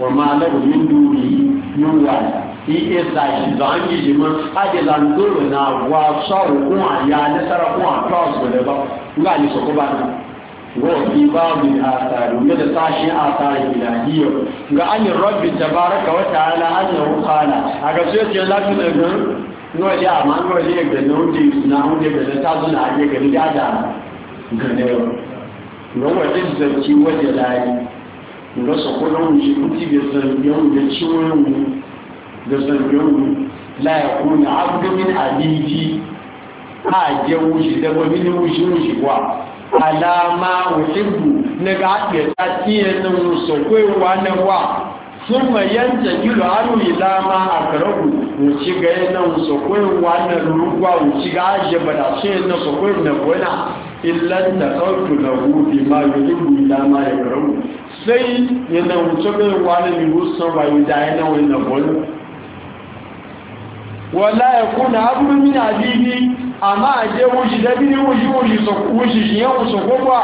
wa ma la bu min duri wa i e sa shi zan yi jima a de lan na wa sa na ya ne sara a su وفي بعض الآثار ومدى تاشي آثار إلهية وعن الرب تبارك وتعالى أنه قال أقصد الله من أجل نوجه أمان نوجه أجل نوجه سنة نوجه أجل تازن عليك أجل جادا غنيو نوجه أجل زوجي وجلاي نوجه سقولون جيبوتي بزنبيون بزنبيون بزنبيون لا يكون عبد من عبيدي a jẹ́ wúṣì tẹ́gbọ́ nínú wúṣì wúṣì wà alama wuhibu na ga ake ta tiye na musakwaiwa na wa sun mayan jagilu hannu ilama a karabu wuci ga yi na musakwaiwa na ruwa wuci ga ajiye ba da ce na sakwai na gona illan da kawai na hudu ma yuhibbu ilama ya karabu sai yi yana musakwaiwa na lirusan bayu da yi yana wani na gona wala ya kuna abu min abibi amma a je wushi da bini wushi wushi shi yan wusa gwagwa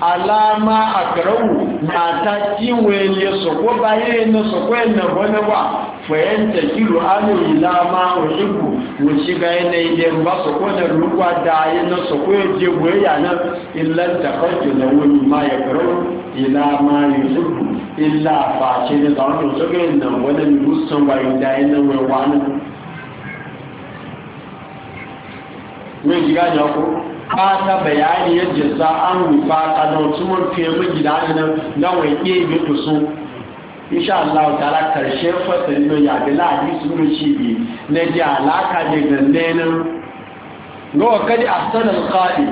alama a karau na ta kiwe ne sokwa baye na sokwa na wani ba fayanta kiro anu ilama ojiku wuce ga yanayi da ba sokwa na rukwa da yi na sokwa ya je goye ya nan illan ta kwanke na wani ma ya karau ilama yusufu illa face da zaune sokwa na wani musan bayan da yi na wani wani mai jiga ne ko ta bayani yadda za an rufa kanan tumur fiye magida nan da wai iya bi to so insha Allah ra karshe fasalin nan ya ga su ne shi bi na ji alaka ne ganne nan ga a ahsan al-qadi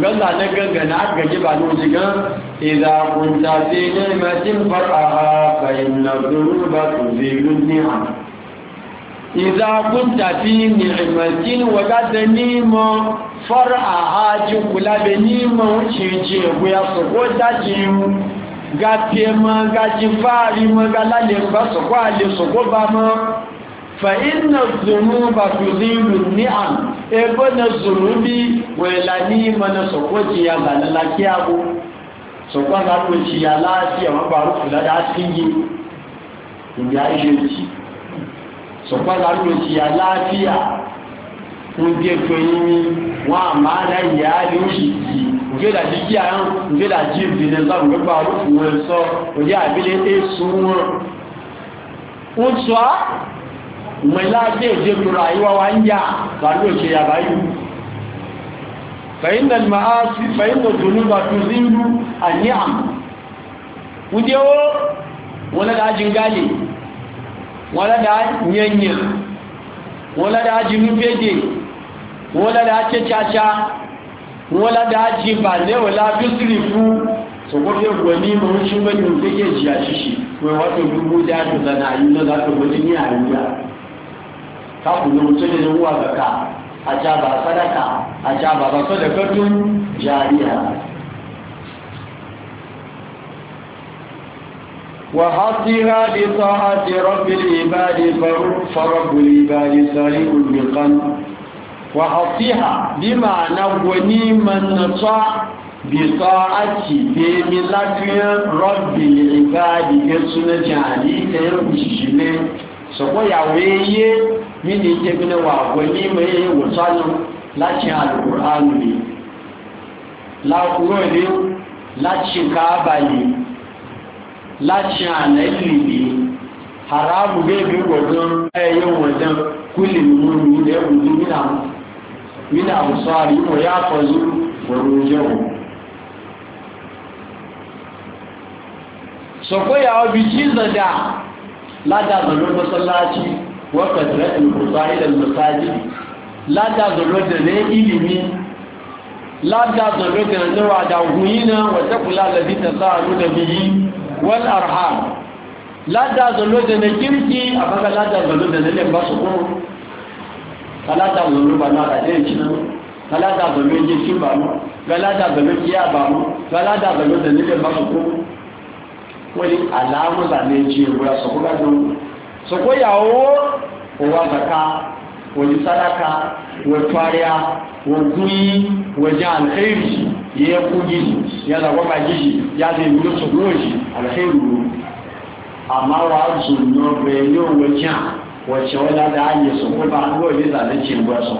galla na gangana gaji ba no jigan idza kunta fi ni'matin far'a fa inna dhunuba tudhilu ni'am إذا كنت في نعمة وقد نيمة فرعها جكلا بنيمة وشيجي ويصفو تجيم قاتيما قاتفاريما قلاليما بصفو عليصفو بما فإن الذنوب تزيل النعم ابن الذنوب ولا نيمة نصفو جيالا لكيابو صفو نصفو جيالا سيما بارو فلا داسكي إن جاي جيجي sọ̀pọ̀lá ló ṣe aláàfíà wọ́n jẹ́ fẹ́yìn ní wọ́n a máa rẹ̀ ìyá ní òṣìṣì òjèdàjí kí a ń òjèdàjí ìbìnrin lọ́rùn gbẹ́gbà olófin wọn sọ òjé àbílẹ̀ èso wọn ó sọ á mọ̀láàdé òjé kúrò àyíwá wa ń yà pàdé òṣè àbáyú fẹ̀yìn nàìjíríà máa sí fẹ̀yìn nàìjíríà bá tún sí ìlú àníàm wọ́n jẹ́ ó ń gáyìí wọ́n da yẹnyẹ wọ́n da jínú pédè da lẹ́dà kíkàṣá da lẹ́dà jí bà lẹ́wọ̀ lábísírì fún sọ̀kọ́fẹ́ wọ̀ ní mọ̀ ń ṣúgbẹ́ ní òkèkè jì àṣìṣì wọ́n wọ́n tó gbogbo dáadọ́ lọ́nà àyílọ́ láti wọ́n ní àríyá káàkùnrin tó lè wọ́n àgbàkà àjábà sádàkà وحصها بطاعة رب العباد فرب العباد سريع القلب وحصها بمعنى ونيما نطاع بطاعة بملك رب العباد كسنة عليك يرمششلين sọ̀pọ̀ ìyàwó eyé ní ní jẹ́gbẹ́nà wà wọlé mẹ́rin ìwòsánú láti alùkùránù rí láàkúrò rí láti káàbà yìí láti àná ìlìlì haramu bẹ́ẹ̀bí wọ̀dán ẹyẹ wọ̀dán kúlè múlù lẹ́wù ní nínà àwùsọ àríwọ̀ yá fọ́jú wọ̀rọ̀ yẹ̀wò sọ̀kọ́yà ọbí jízọ̀dá ládàzọ̀lọ́ mọ́sánláàtí wọ́kàtàrẹ́ ìrùkùsá ilẹ̀ mọ́sáájì ládàzọ̀lọ́ dẹ̀lẹ́ ìlìmí ládàzọ̀lọ́ dẹ̀lẹ́ níwàdà òhun yìí náà wọ̀tẹ́kùlá lẹ́bí tẹ̀sáà lónà bí yìí wal arham ládà zọlọ́ dẹ̀nà kíríkì àbága ládà zọlọ́ dẹ̀nà lè bá sọ̀kún kaládà zọlọ́ bá náà àdé ìṣiná kaládà zọlọ́ yé sí bà mọ́ kaládà zọlọ́ yé àbà mọ́ kaládà zọlọ́ dẹ̀nà lè bá sọ̀kún wọ́n ní àlàáwọ̀ lànà ìjì ìwúra sọ̀kún bá dùn sọ̀kún yàwó òwò àgbàká òyìn sádáka wọ̀twáríà wọ̀gúnyí wọ̀já àlẹ́rìí ya kuji shi ya zagwaba gishi ya zai wuri su goji alhairu amma wa su nobe yau wajen wacce wadda da an yi su kuma an goji zalunci ba su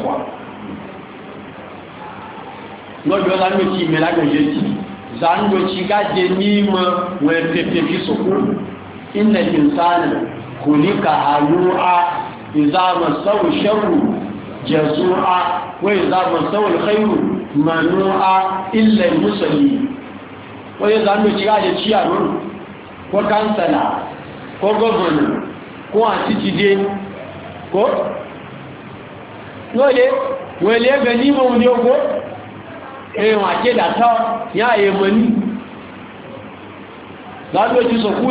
ṣẹ́rù manu'a illar musulmi wani zanen cira da ciyarun ko kansala ko gwamnan ko a titide ko? lóòlé wọ́n lè gẹ̀ ní ìmọ̀ òní ogó èèwọ̀n àkédàtọ́ ní àyèmọ̀ ní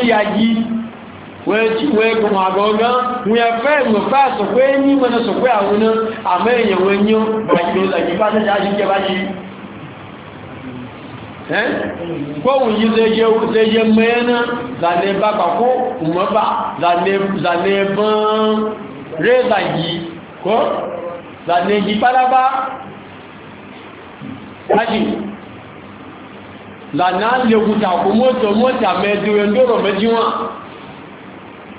ya yìí wẹ́ẹ̀kì wọn àgọ́gán wọn ẹ̀fẹ́ ìmọ̀fẹ́ àsọ̀pẹ́ ní mọ́nà sọ̀pẹ́ àwọn náà àmọ́ èèyàn wọn ní kóhùn yí léye mẹ́ẹ́nà zàlẹ̀ bá pàkó mọ́bà zàlẹ̀ bán rẹ́zà yìí kó zàlẹ̀ yìí pálábá láti lànà lè wùtà kó mọ́tọ̀ mọ́tà mẹ́jọ ẹ̀ndọ́rọ̀ mẹ́jọ wọn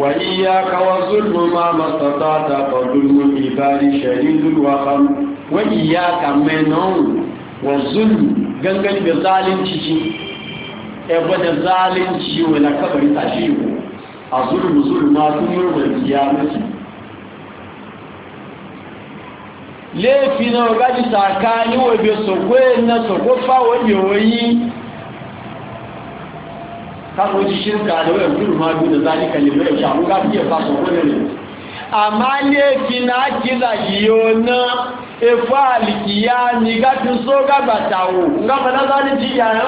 وإياك وظلم ما ما استطعت فظلم العباد شديد الوخم وإياك منهم وظلم gangan da zalunci shi ebe da zalunci wala kabari tashi ko a zulmu zulma sun murmur kiyamati lefi na gaji tsakani wa bai sokwe na sokwe fa wa yoyi kasoci shirka da wayar gudu ma duk da zalika limai sha mu ga fiye fasa wani ne amma laifi na kiza yiyo na efu alikiya ni gafin so gaba tawo nga fana zalunci yana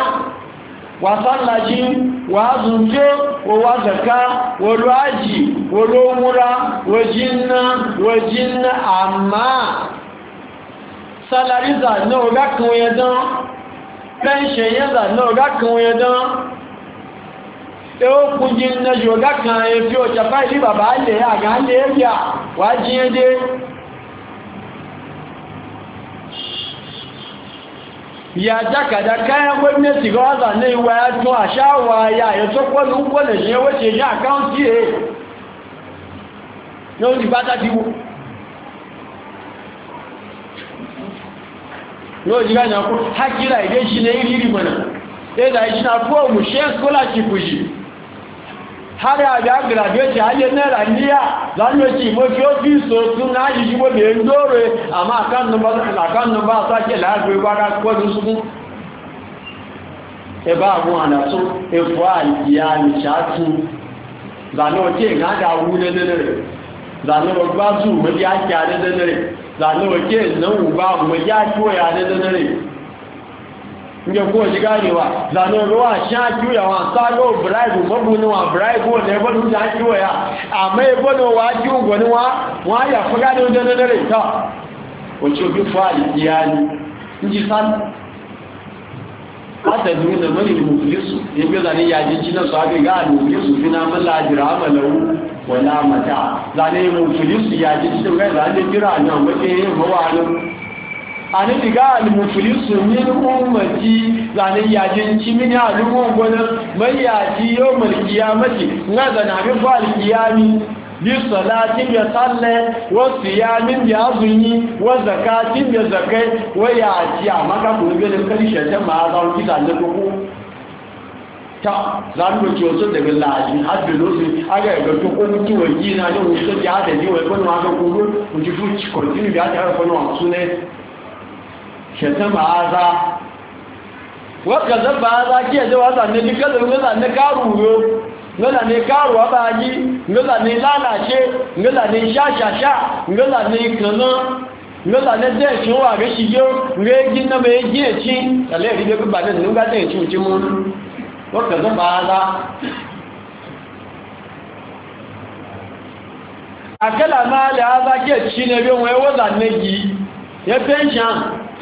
wasan laji wa zunje wa wazaka wa raji wa romura wa jinna wa jinna amma salariza na oga kan yadda pension yadda na oga kan yadda yóò kú jí ní yóò kan efi òjàpá ìlú bàbá lè àgá lè wà jí ya takada kayan gwamnati ga waza na iwa ya tun a shawa ya ya tó kwallo kwallo ṣe wace ṣe àkáǹtì ẹ̀ yóò ní bátá ti wó yóò jí gánà kú hákírà ìdé ṣe ní ìrírí mọ̀nà ẹ̀dà ìṣẹ́ àpò òmùṣẹ́ scholarship har àgbà graduate ayé náírà níyà lánàájì mo fi ó bí ìṣòtún náà yìí lè ń lóòrè àmá àkánùbá sáàkì láàrin wára pọ́lú sún ẹbá àwọn àdásó ẹfọ́ àìyà nìṣàtún lànà ya kuwa ji ganewa zanen ruwa sha juyawa sago bribe mabunuwa bribe ne ba duk ta kiwaya amma ya bano wa kiwo gwanuwa wa ya fi gane wajen na dare ta wacce bi fa'ali iyali in ji san hata zuwa da mani mukulisu ya bi zane yajin ani diga almuflisu min ummati zanin yajin ci min alumon gona mai yaji yawmal qiyamati ngaza na bi fal qiyami bi salati ya salle wa siyamin ya azuni wa zakati ya zakai wa yaji amaka ko bi da karshe ta ma za ki zalle ko ta zan ko ci wasu daga laji hadda lozi aga ga to ko mutu wa na ne wasu ya da ni wai ko ma ga ko ko ci fu ci ko ni ya ta ko no sunne shaitan ma'aza waka zaba aza ki yaje wa zanne ni kaza ne zanne karu yo ngala ne karu wa baji ngala ne lalace ngala ne shashasha ngala ne kana ngala ne de shi wa ga shi yo nge gin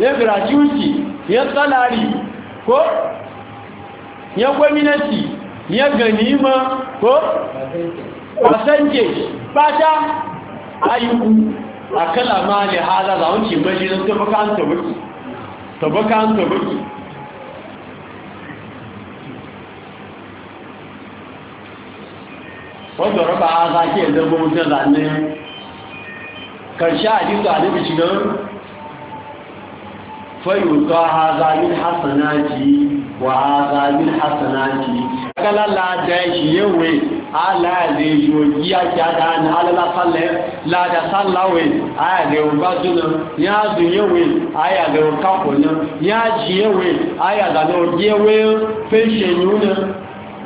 ya gratuity ya salari ko ya gwamnati ya ganima ko percentage bata ayyuku a kalama ne hada za wuce mashi don tabbaka an tabbaki tabbaka an tabbaki wanda raba a zaki yanzu gwamnatin zanen karshe a jinsu a nufi shigar fayuta haza min hasanati wa haza min hasanati kala la da shi yewe ala le yo ji aja da na ala la sale la da salawe aya le o gbaduna ya du yewe aya le o kapo na ya ji yewe aya da no yewe fe se nyuna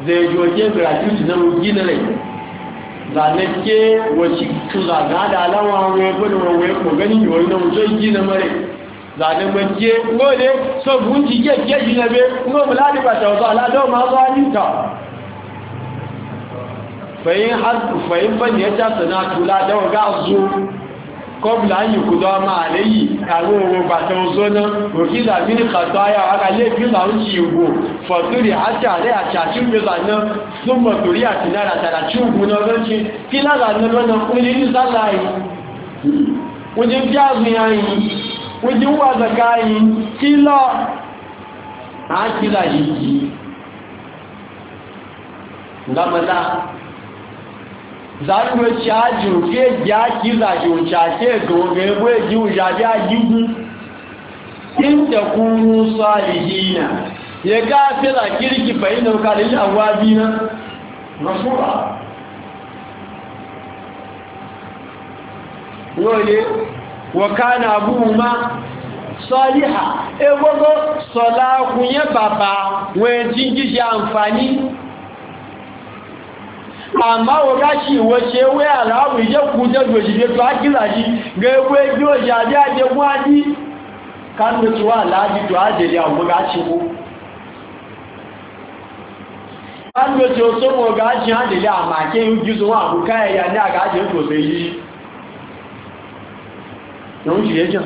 ze yo je gratuit na o ji ke wo chi tu da ga da lawa we bo no we ko gani yo no je ji na mare zane majiye ngole so bunji je je jinabe ngo mulani ba ta wa la do ma zani ta fayin hazu fayin ban ya ta sana tula da ga zu kọbùlá yìí kò lọ máa léyìí àwọn owó bàtà òṣóná òkílà mí ní kàtọ́ ayá ara lè bí là ń ṣe ìwò fọ̀túrì àti àrẹ àti àtúnbẹ̀lá náà ló mọ̀ torí àti nára tàrà tí ó gúnná lọ́tí kí lára náà lọ́nà kúrin ní sálàáyì wòjí wà zaka yìí kílọ̀ àákílà yìí gamata zanuwe ṣáájú kí èjì àákílà yìí ṣàṣẹ́ ìgbòǹgẹ̀ ẹgbẹ́ èjì òṣàbí àjígún kí ń tẹ̀kúrú sọ àlìyí ìyà yẹ gáàfẹ́ làkíríkì fẹ̀yìn náà kàrí àwọn abínà rọ́ṣúra wọ́n yé وكان أبوهما صالحا ewego sọlá kunye bàbá wọn tí ń jíṣe àǹfàní àmá ogáṣì ìwò ṣe wé àráwù ìjẹ́kùn jẹ́gbò ìṣẹ́ tó ákìlàjí gẹ́gbé bí ó ṣàdé àjẹgún ájí kánú tó wà láàájí tó ájẹ̀lẹ̀ àwọn ogáṣì yawon shi ya jan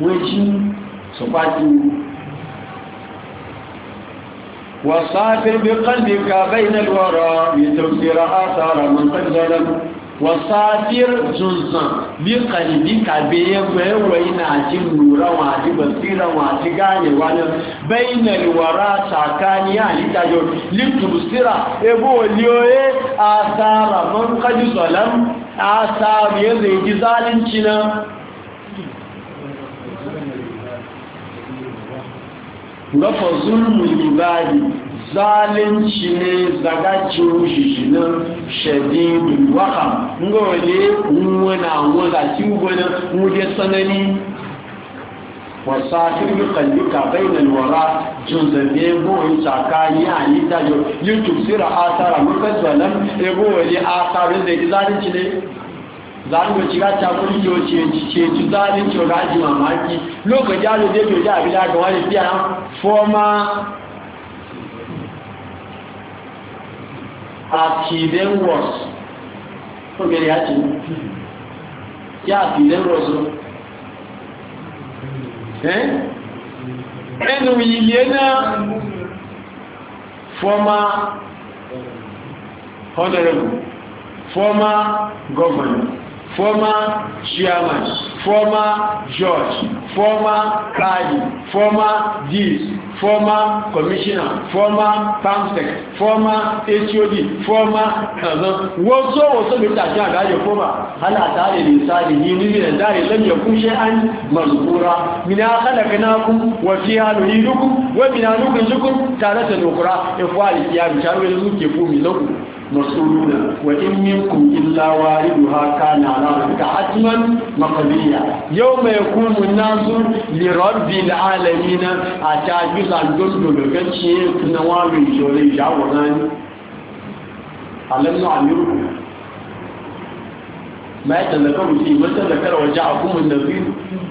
wajen su faɗi wasafir bi kalbika bainal wara bi tafsira asara man tazalam wasafir zunzan bi kalbika bi yawa ina jin lura wa ji basira wa ji ganewa nan bainal wara tsakani ya halitta yau litubsira ebo waliyoye gafa zulmul ibadi zalunci ne shi nan shadidin waka wuna wana wanda kiwona muje sanani wasafir bi qalbika bayna alwara junzabe boyin tsakani a yi tajo yutusira asara mukaddalam ebo wali asara da zalunci ne zango shiga cakuri yo ce ce ci zalin ci raji mamaki lokaci ya zai to ja bila ga wani biya former accident was eh? former honorable former governor former chairman former judge former kadi former dis former commissioner former pamsec former hod former kazan wasu wasu da ta shan gaje koma halata da misali ni ni da dare lam ya kushe an mazkura mina khalaqnakum wa fiha nu'idukum wa mina nukhrijukum taratan ukhra ifwali ya bi sharwe zuke مسؤولون وإن منكم إلا واردها كان على ربك حتما مقضيا يوم يقوم الناس لرب العالمين أتاجز عن جزء لغتشي نوامي شوري جاوران ألم نعمركم ما يتذكروا فيه ما تذكر وجعكم النذير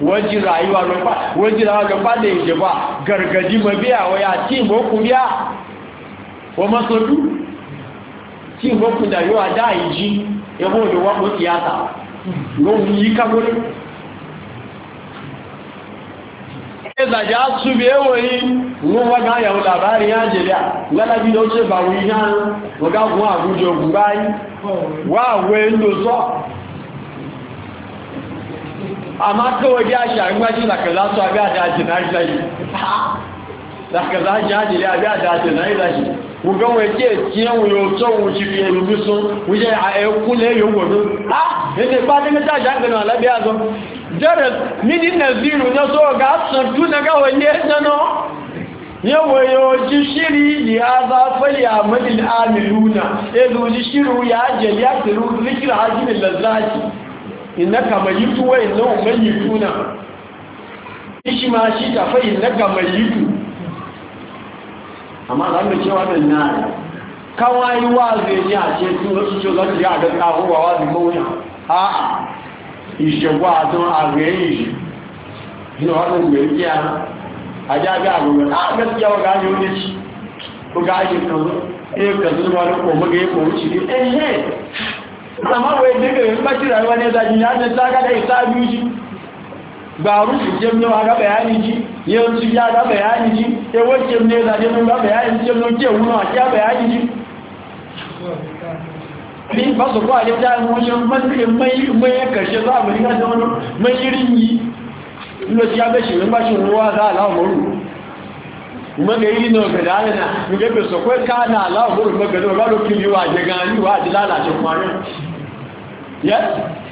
waji rayuwa rufa waji rayuwa rufa da yake ba gargadi mabiya wa ya ce ba ku biya wa masodu tí nǹkan kùdà yóò adá ìjí ẹ̀họ́ òdòwọ́pọ̀ tíátà lóhun yí kágbórí ẹzàjá túbí ẹwọ̀ yìí wọ́n wá gáyà olàbárí ájẹ̀lẹ̀ lálàbí ló ṣe bà wí náà ọgágun àgújọ gbáyí wà wẹ́ ló sọ́ àmá kọ́wọ́ dí àṣà ìgbájú làkẹ̀lá daga zaji haji da a da ta na zaji ku ga wai ke kiyan wuyo to wu ci rubu sun wuje a e kule yo godo ah ne ba daga ta ja ga na labi azo jaral mini naziru na so ga san tu na ga wani na no yawa yawanci shiri ya zafari a madil amiluna ya e zuci shiru ya jeli ya tiru zikir hajjimin lalzaci ina kama yi tuwa ina umar yi tuna ishi ma shi tafa ina kama yi tuna amma za mu cewa nan na kawai yi wazi ne a ce su wasu ce za su yi a ga kawowa wazi mawuya a a ìṣẹ̀gbọ́ àtún àgbẹ̀yìn ìṣẹ̀ inú wọ́n tún gbèrè kí a ajá bí àgbẹ̀gbẹ̀ àgbẹ̀síyà ọgá ní oníṣì ọgá ayé kan ẹ̀kẹ̀sí wọn ní pọ̀ mọ́gẹ́ pọ̀ oríṣì ní ẹ̀yẹ́ ga rushe jemno a ga bayani ji yanzu ya ga bayani ji ya e wacce ne da jemno ga bayani ji jemno ke wuno a ga bayani ji ni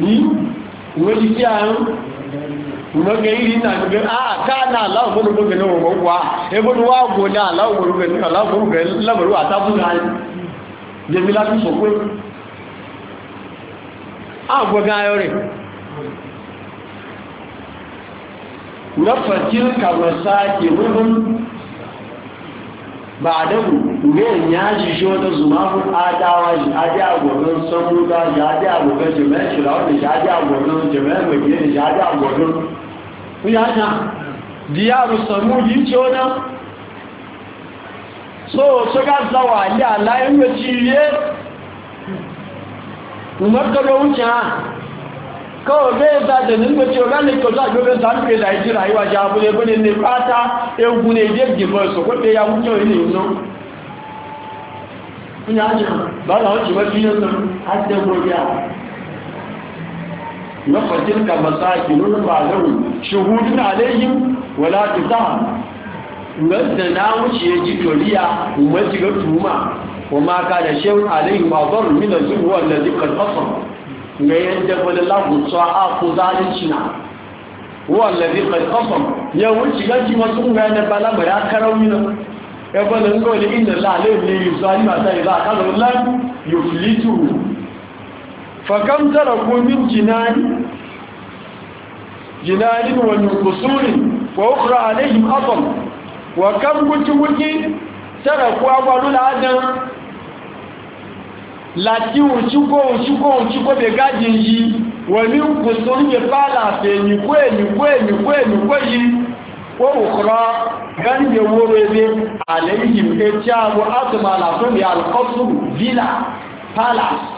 ìwé ti tí àrùn ìmọ̀gẹ̀ yìí nà gbogbo àká ah, náà aláwọ̀ fún gbogbo ní ọmọ wà ebóni wà gbò ní aláwọ̀ gbogbo ní aláwọ̀ gbogbo lẹ́mọ̀rú àtàbùn náà jẹ́mi láti sọ pé àgbọ̀gán ah, ayọ́ rẹ̀ lọ́fẹ̀ẹ́ ba da mu ne ya ji shi wata zuma ku adawa shi aje agogon samuda shi aje agogon jami'an shirawar shi aje agogon jami'an magiyar shi aje agogon ku ya ta diyaru samudi ce wani so suka zawa ali alayin ya ciye umarkar wuce ha kawai bai za da nuna cewa ranar kyauta a gobe sa nufe da yake rayuwa shi abu ne bane ne fata egwu ne biyar gibar su kwaɗe ya wuce wani ne yanzu kun yi ajiyar ba da wace mafi yanzu har da godiya na fatin ka masaki nuna ba zau shuhudun alayhim wala ngan da na wuce ya ji doriya umar shiga tuma wa ma ka da shehu alayhim ba zau min da zuwa da zikar fasar ga yadda wani lagunsa a ko zalunci na wallazi kai kasam ya wuce gaji wasu unga na balama ya karauni na ya bala nga wani inda lalai ne yi zuwa ma sai za a kalar lan yi filitu fakam tara ko min jinani jinanin wa min kusurin wa ukra alaihim asam wa kam kuntu wuki tara ko agwalu ladan lati uchuko uchuko uchuko begaji yi wani kusuri be pala fe ni kwe ni kwe ni kwe ni kwe yi ko ukra gani be woro ebe alayhim e chawo atma la villa palace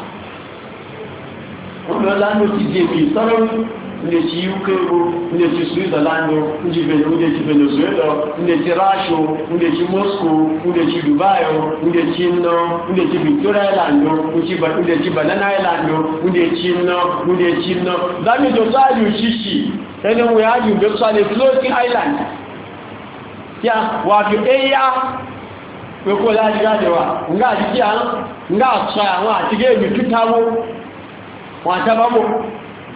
ko la no ti je bi sọ̀rọ̀ ne ci UK o ne ci Switzerland o ne ci Venezuela o ne ci Russia o ne ci Moscow o ne ci Dubai o ci Inno o ci Victoria Island o ne ci Banana Island o ci Inno o ci Inno zami to sa yu shishi ẹni wọ́n yá yù bẹ́ sọ́lẹ̀ floating island yá wà fi ẹ̀yà pẹ̀kọ́ láti rájẹ̀ wà ńgá àti kí à ń gá àṣà àwọn àti gẹ́ẹ̀mì tútàwó wọ́n àtàbábò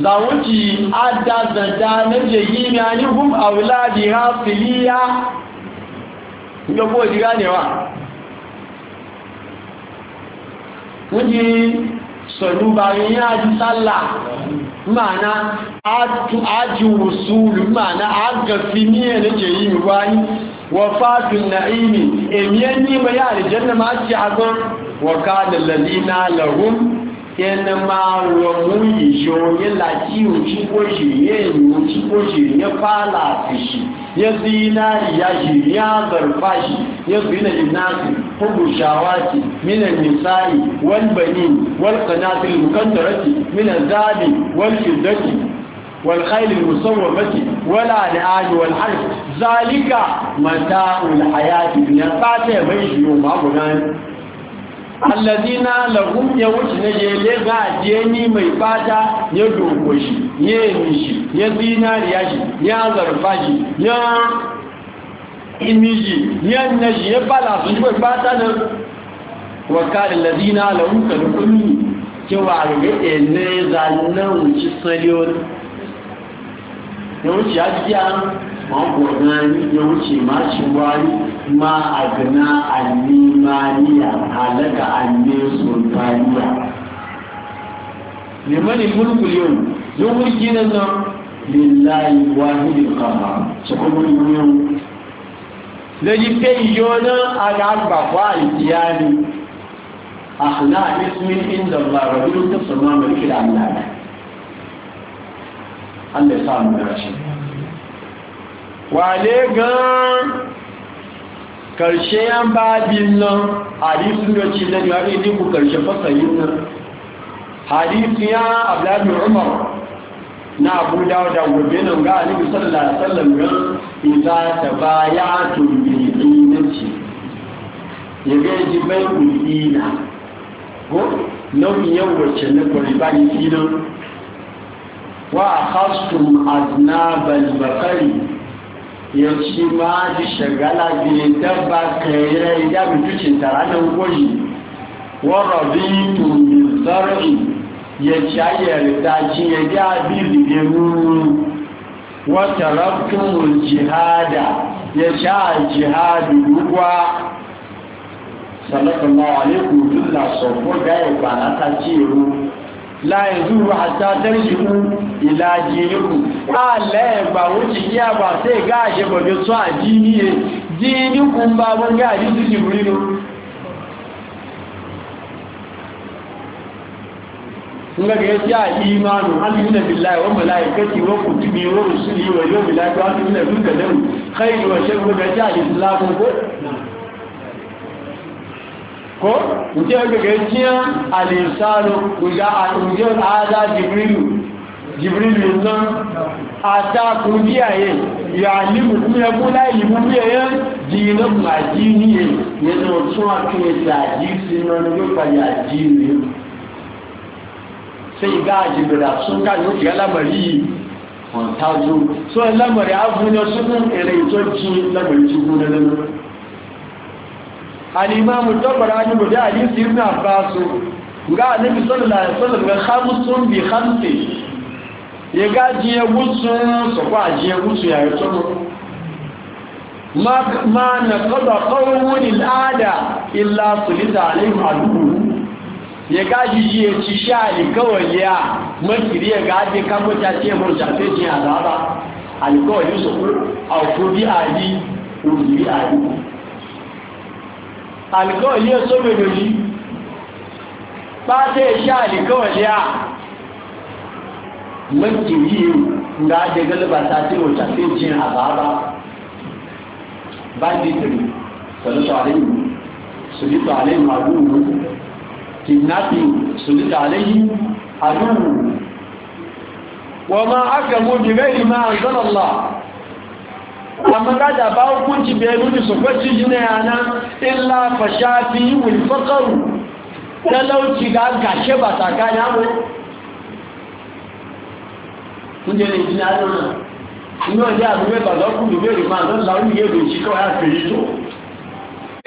zawon ki adda na jeyi ne a yi hum a wula di ha filiya ga kowa ji ganewa wunji sọ̀rọ̀ bá rí ní àjí sálà ma'ana ájí wùsùlù ma'ana ágàfi na ẹ̀lẹ́jẹ̀ yìí wáyí wọ fàájú na ìmì tẹnɛ máa wọ mú ìṣó yẹ làjí òtí kó ṣì yẹ èyí òtí kó ṣì yẹ fáàlà àfìṣì yẹ bí iná ìyá ṣì yẹ àbẹ̀rẹ̀fà ṣì yẹ bí iná ìnáàtì حب الشهوات من النساء والبنين والقناطر المقنطرة من الذهب والفضة والخيل المصومة والأنعام والحرث ذلك متاع الحياة الدنيا فاتح ميش يوم أبو alladina lahum ya wuce na le ga jeni mai fata ya dogo shi ya yi shi ya zinariya shi ya zarfa shi ya imiji ya na shi ya bala su shi mai fata nan wakalin lazina lahum ka da kulmi cewa ga ele zanen wuce saliyon ya wuce ya jiya mako gani ya wuce ma shi wari ma a gina annimaniya halaka anne sultaniya limanin mulkul yau yau mulki nan nan lillahi wahidin kama cikin mulkul yau lórí pé ìyọ́nà alágbàwà ìdíyàní àhàlá ìsmin ìndọ̀lá rọ̀bí ló tẹ́sọ̀mọ́ mẹ́kìlá náà alẹ́sàmù rẹ̀ ṣe wale gan karshe yan babin nan hadisun da ce da yare ne ku karshe fasayin nan hadisu ya abdullahi umar na abu dawo da gobe nan ga alibi sallallahu alaihi wasallam gan idza tabayatu bi dinati yaga ji bai ku dina ko nauyi yau wacce na kwari ba ni dinan wa khastum aznab al-bakari ya ci ma ji shagala biyu dabba kayayyar ya mutucin taranin gwaji warabi tumin zarri ya ci yarda ci ya ga biyu da ruru wata rabtun jihada ya sha jihadu ruwa sallallahu alaikum duk na sofo ga ya láì zúrù àtàtẹ́rì ṣùkú ìlàjì ìlúkù ààlẹ́ ẹ̀gbà ó ti ní àbà tí ìgá àṣẹ́bọ̀dọ̀ tó àjí níye jí níkù ń bá wọ́n gá àjí títì rínú ngagaya ti a imanu amina billahi wa malaikati wa ko nke gaggajiya alisano guda a ƙungiyar ada jibrilu jibrilu nan a ta ƙungiyaye ya ni mutum ya kula ilimin biyayen jinan majiniye ya zama tsohon kai jaji su nan rufa yajiniye sai ga jibira sun ga yau ya lamari kwantazo so lamari abu ne sun ɗin ɗin ɗin ɗin ɗin ɗin ɗin ɗin al'imamu tabbara an guda a yin sirna abbasu ga annabi sallallahu alaihi wasallam ga khamsun bi khamsi ya gaji ya gutsu su kwa ji ya gutsu ya yi ma ma na qada qawmun al'ada illa sulita alaihim adu ya gaji ji ya ci shali kawai ya makiri ya gaji kan mutace murja sai ji azaba àlìkọ́ ilé ẹ̀sọ́ mẹ́lò yìí bá tẹ́ iṣẹ́ àlìkọ́ ilé à mẹ́kì yìí ga jẹ gẹ́lẹ́bà tàbí òjà tí ó jẹ àbábá bá dì tẹ̀lé sọ̀lọ́tọ̀ àlẹ́yìn sọ̀lọ́tọ̀ àlẹ́yìn àdúrù kìdínápì sọ̀lọ́tọ̀ àlẹ́yìn àdúrù wọ́n máa ákẹ̀mú jìgẹ́ ìmá àǹsọ́lọ́lá amma ka da ba hukunci bai nuni su kwaci jina yana illa fashafi wulfakaru talauci ga gashe ba tsakani abu kunje ne jina yana inú ọjọ́ àbúgbé bàtọ́kù lùgbé ìrìnmà tó láwọn ìyẹ́ ìrìn sí kọ́ àfẹ́rí tó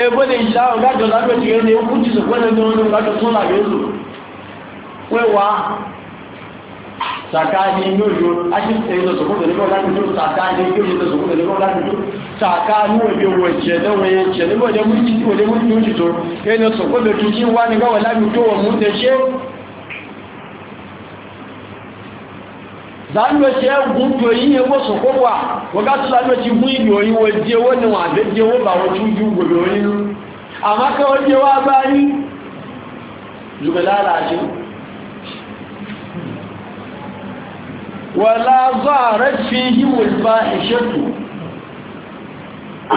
ẹgbẹ́ lè ṣá ọgájọ́ lábẹ́ ti rẹ̀ ní ó kú jù sọ pẹ́lẹ̀ ní ọdún lájọ́ tó làgbé lò wẹ́wàá tsakanin yoyo ake tsaye da sukun da ne kawai lafi to tsakanin yoyo da sukun da ne kawai lafi to tsakanin wabe wacce da waye ce ne wajen mulki wajen mulki wuce to kai na sukun da tuki wani kawai lafi to wa mun da ce zanuwa ce gudu yi ne ko sukun wa waga su zanuwa wa ba wacce yi gobe wani amma kawai wala zarat fihim alfahishatu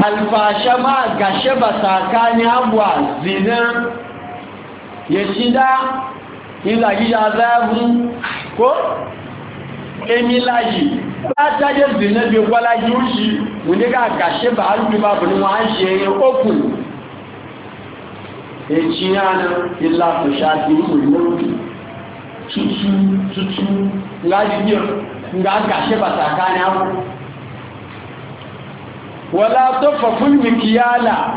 alfasha ma gashe ba sakani abwa zina ya shida ila gida zabu ko emi laji ta je zina bi wala yushi wunde ga gashe ba alu ba bunu wa je oku e chiyana illa fushati mulmuki tutu tutu laji biyo nga gashe ba tsakanin abu wala tofafin mikiyala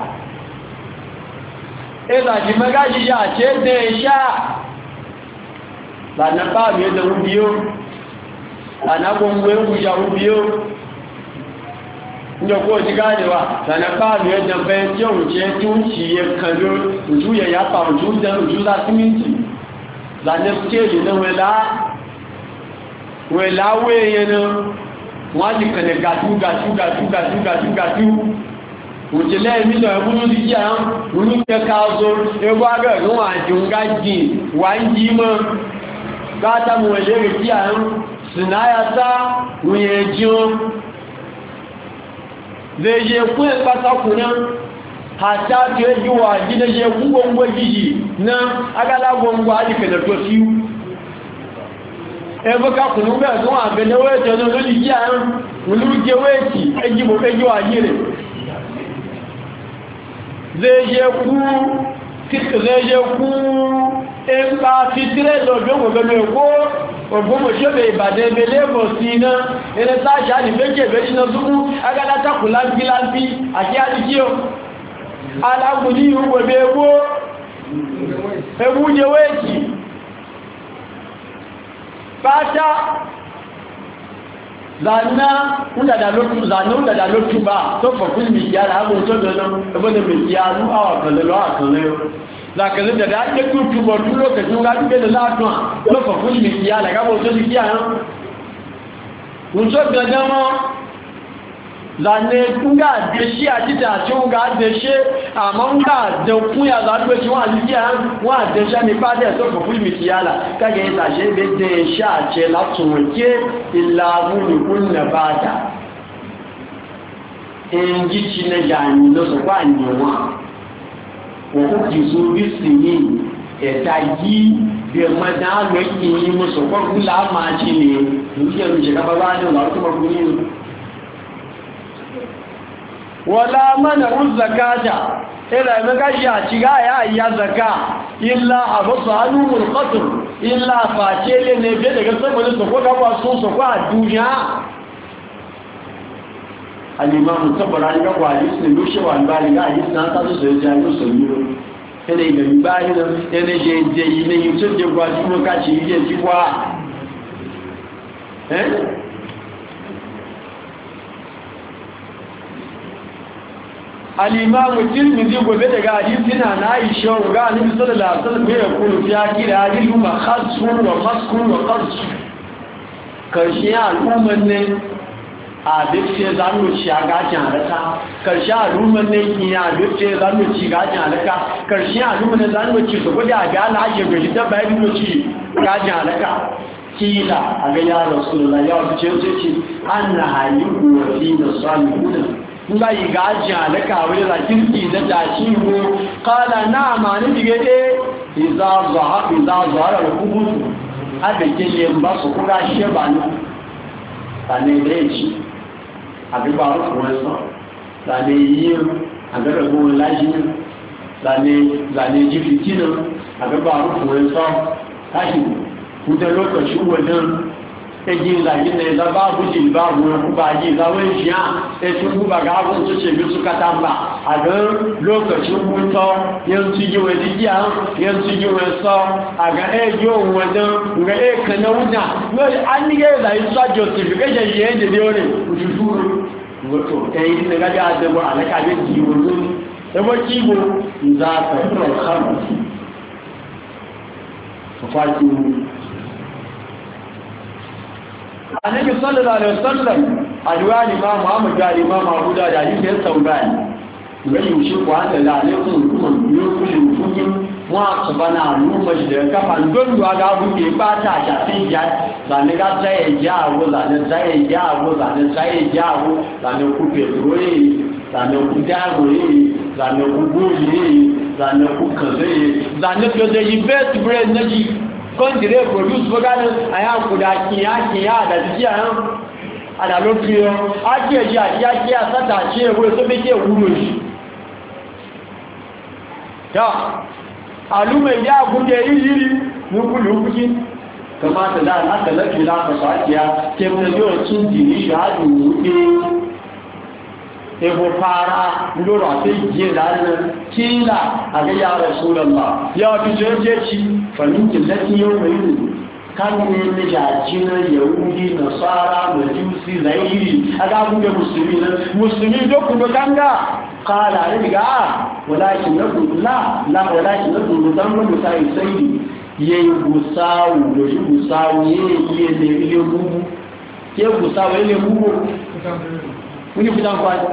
ilaji e magaji ya ce da ya sha lana ba mai da rubiyo lana gwangwe guja rubiyo inda kuwa ji ganewa lana ba mai da bayan wẹ̀ láwé yẹn náà wọ́n á ti kẹ̀lẹ̀ gàtú gàtú gàtú gàtú gàtú gàtú òjìlẹ̀ ìmìnà ẹ̀múrú ti jà ń olùkẹ́ka ọzọ ẹgbọ́ abẹ́ ìrún àjùngá jì wà ń jí mọ́ gbátàmù ẹ̀lẹ́rẹ̀ tí à ń sìnáyàtá wùnyẹ̀ jíun lèyẹ fún ẹ̀pátákùnrin àtàkì ẹbọ́ká kùnú bẹ́ẹ̀ tó wọ́n àgbẹ̀lẹ̀ wẹ́ẹ̀tì ọdún lórí jí àárùn olúrúkẹ wẹ́ẹ̀tì ẹjìbò fẹ́jọ́ ayé rẹ̀ zẹ́yẹ kú ẹgbà ti tílẹ̀ lọ́gbọ́n alágbòní ìrúgbẹ̀mẹ̀ ewó ẹwú yẹwé ìjì fata zanna unda da lotu zanna unda da lotu ba to fa kun mi ya da abun to da nan abun da mi ya nu awa kan da lawa kan ne la kan da da ke ku tu tu lo ka ju ga ti da la to to fa kun mi ya la ga bo to ki zane nga deshe a jita ti o nga deshe ama nga dekun ya zaɗuwe ti wọn jẹ́ wọn ni fadẹ̀ tó kò fún ìmìtì yàlá kẹ́gẹ̀ ìtàṣe ibe deshe àṣẹ látòrókè ìlàmúlùkún nevada èyí ti na yàní lọ́sọ̀kọ́ àníwọ̀n òkú kì í so bí sì ní ẹ̀dá yìí bẹ̀rẹ̀ dáná lọ́kì yìí mọ́sọ̀kọ́ kú láàmà jì ní ìlú wala mana zakata ila magashi a shiga ya ayya zaka illa a basu hannun qatr illa face ne ne daga saboda su ko gaba su su kwa duniya al-imam tabarani ga wali sun lushe wa albani ga hadisi na ta su sai ya yi suniro ene ga ibani na ene je je ine yutun je gwa su ka ci je al'imamu tirmidhi gobe daga hadisina na yi shawar ga annabi sallallahu alaihi wasallam ya kullu ya kira hadisu ma khasun wa maskun wa qas karshe al'ummar ne a dukkan zanu ci a gajin halaka karshe al'umman ne ki a dukkan zanu ci gajin halaka karshe al'umman ne zanu ci su gudu a ga alhaji gaji ta bayan yi ci gajin halaka kila a ga ya rasulullahi ya wuce ce an na hayu wa fi da salihu nga yi ga ajiya da kawai da kirki da tashi ko kala na amani dige e iza zuwa iza zuwa da kubutu a da ke yi ba su kuka she ba ni ta ne da ci a bi ba su wani sa eji nzaji na ịza babu ji mba bụ kwuba ji zawe ji a etu kwuba ga abụ ntụche gị sụkata mba agan lokaci kwutọ ya ntụji wee dị ji ahụ ya ntụji wee sọ aga eji onwe dị nga eke na wuda nwere anịghị ịza ịsọ joseph eji eji ya eji dị ore ujuju ngoto eyi ndị ga dị adịbụ alakabe ji iwu n'ụlọ ebe chi igbo nza afọ ịkpọrọ ha bụ ọkwa annabi sallallahu alaihi wasallam alwa imam Ahmad da imam Abu Dawud da yake saurayi wani yushi ko an da alaikum kuma yukulin fujin wa subana ruwa da kafa don duwa ga buke ba ta shafin ya zane ga tsaye jawo zane tsaye jawo zane tsaye jawo zane ku petrole zane ku daroye zane ku goye zane ku kazaye zane ku da yi best bread na ji kọ́ndìrí produce bọ́gánà àyàkùdà kìíyà kìíyà àdàjíjí àyàn àdàlókìíyàn ájíẹ̀jì àti ájí àsátà àti ewé tó méjì èwúrò yìí yá alúmẹ̀ yá gúnjẹ yíyírí lúkúlùkújí kàmátàlá látàlẹ́kìí látàlẹ́kìí ebo fara lórí àti ìjẹ́ láàrin kíńlá àgbéyà rẹ̀ sólọ́lá yá ọdún tí ó jẹ́ ci fàmíkì lẹ́tí yóò rẹ̀ ìlú káàkiri níjà jíná yahudi nasara majusi zairi agagunga musulmi na musulmi dokundo kanga kala ne diga walakin na la la walakin na dubu dan mun sai sai yayi gusawu da yi gusawu yayi ile ile gugu ke gusawu ile gugu wọ́n ní fún náà fáyé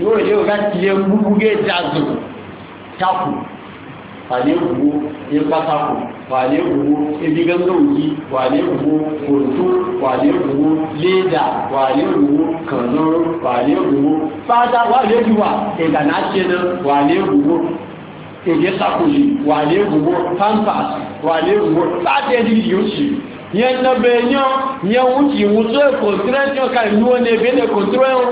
yóò lé o láti yẹ gbogbo gé dàzò takò wàlé gbogbo ebi gángan òyì wàlé gbogbo kòtò léèdà wàlé gbogbo kànáà wàlé gbogbo fáadá wàlé gbogbo ìdáná pampas wàlé gbogbo ẹni yóò ṣe yẹn na bẹ̀ẹ̀yàn yẹn wọ́n ti wùsọ ẹ̀kọ̀ntírẹ́tíọ̀ ká ìlú wọn ní ebèlè kọ̀ntírẹ́wọ̀n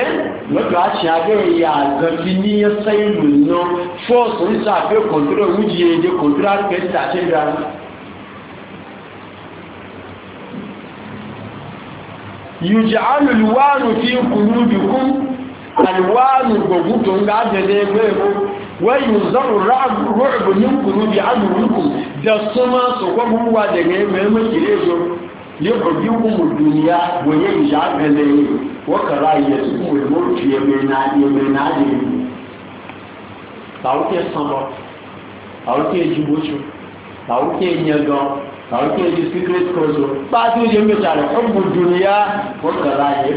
ẹ́ lọ́dọ̀ àṣì abẹ́rẹ̀ yà àgbẹ̀bí ní ẹsẹ̀ ìlú iná fọ́ọ̀sì ń sàfẹ́ kọ̀ntírẹ́ wújì èdè kọ̀ntírẹ́ alùwánù fi kùlù bìkún alùwánù gbogbo tó ń gá wayin zan ra'abu ninkunu bi amurinku da suma su kwamurwa daga yi mai maki rezo ya kwabi kuma duniya wani yi shafe da yi waka ra'ayi su kuma yi murci ya mai na ya mai na da yi tawuke sama tawuke jibucu tawuke nyaga tawuke ji secret kozo ba su je mai tare kwabu duniya waka ra'ayi ya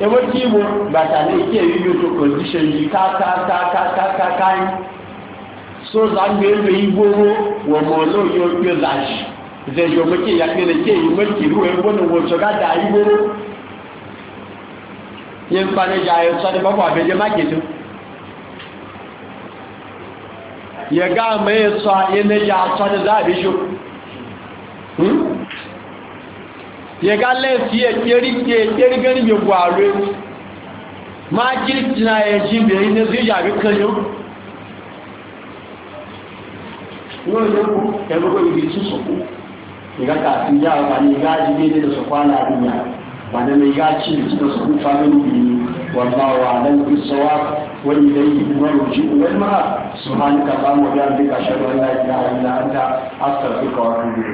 ewé tí ìwò bàtà ní ìkí èyí yóò tó condition yìí káàkáàkáàkáàkáà yìí so zangbe ebe igboro wọ mọ olóyè ojú làjì ìzẹjọ méjì ìyàgbére kí èyí méjì ìlú ẹgbẹ́ ní wọn sọ gáda igboro yẹ ń panijá ẹ sọ ní bọ́kọ àbẹjẹ mákètò yẹ gáàmù ẹ sọ ayé méjì asọ ní láàbíṣó yega lẹ́sí ẹ̀kẹ́rí gẹ́rí gbogbo ààrẹ máa jí jìnà ẹ̀jì bèèrè ní sí ìyàrí kanyó wọ́n yóò kú ẹgbẹ́gbẹ́ ibi tí sọ̀kú ìgá kàfí yá ọ̀pá ní ìgá jí gbé nílẹ̀ sọ̀kú aláàrùn yà wàdé ní ìgá jí tí ó sọ̀kú fámílì yìí wọ́n bá wà lẹ́nu sọ́wọ́ wọ́n yìí lẹ́yìn ìgbìmọ̀ òjì wọ́n máa sùn hàn kàbámọ̀ bí a ń bí kàṣẹ́ lọ́la ìgbà àìlà ń ta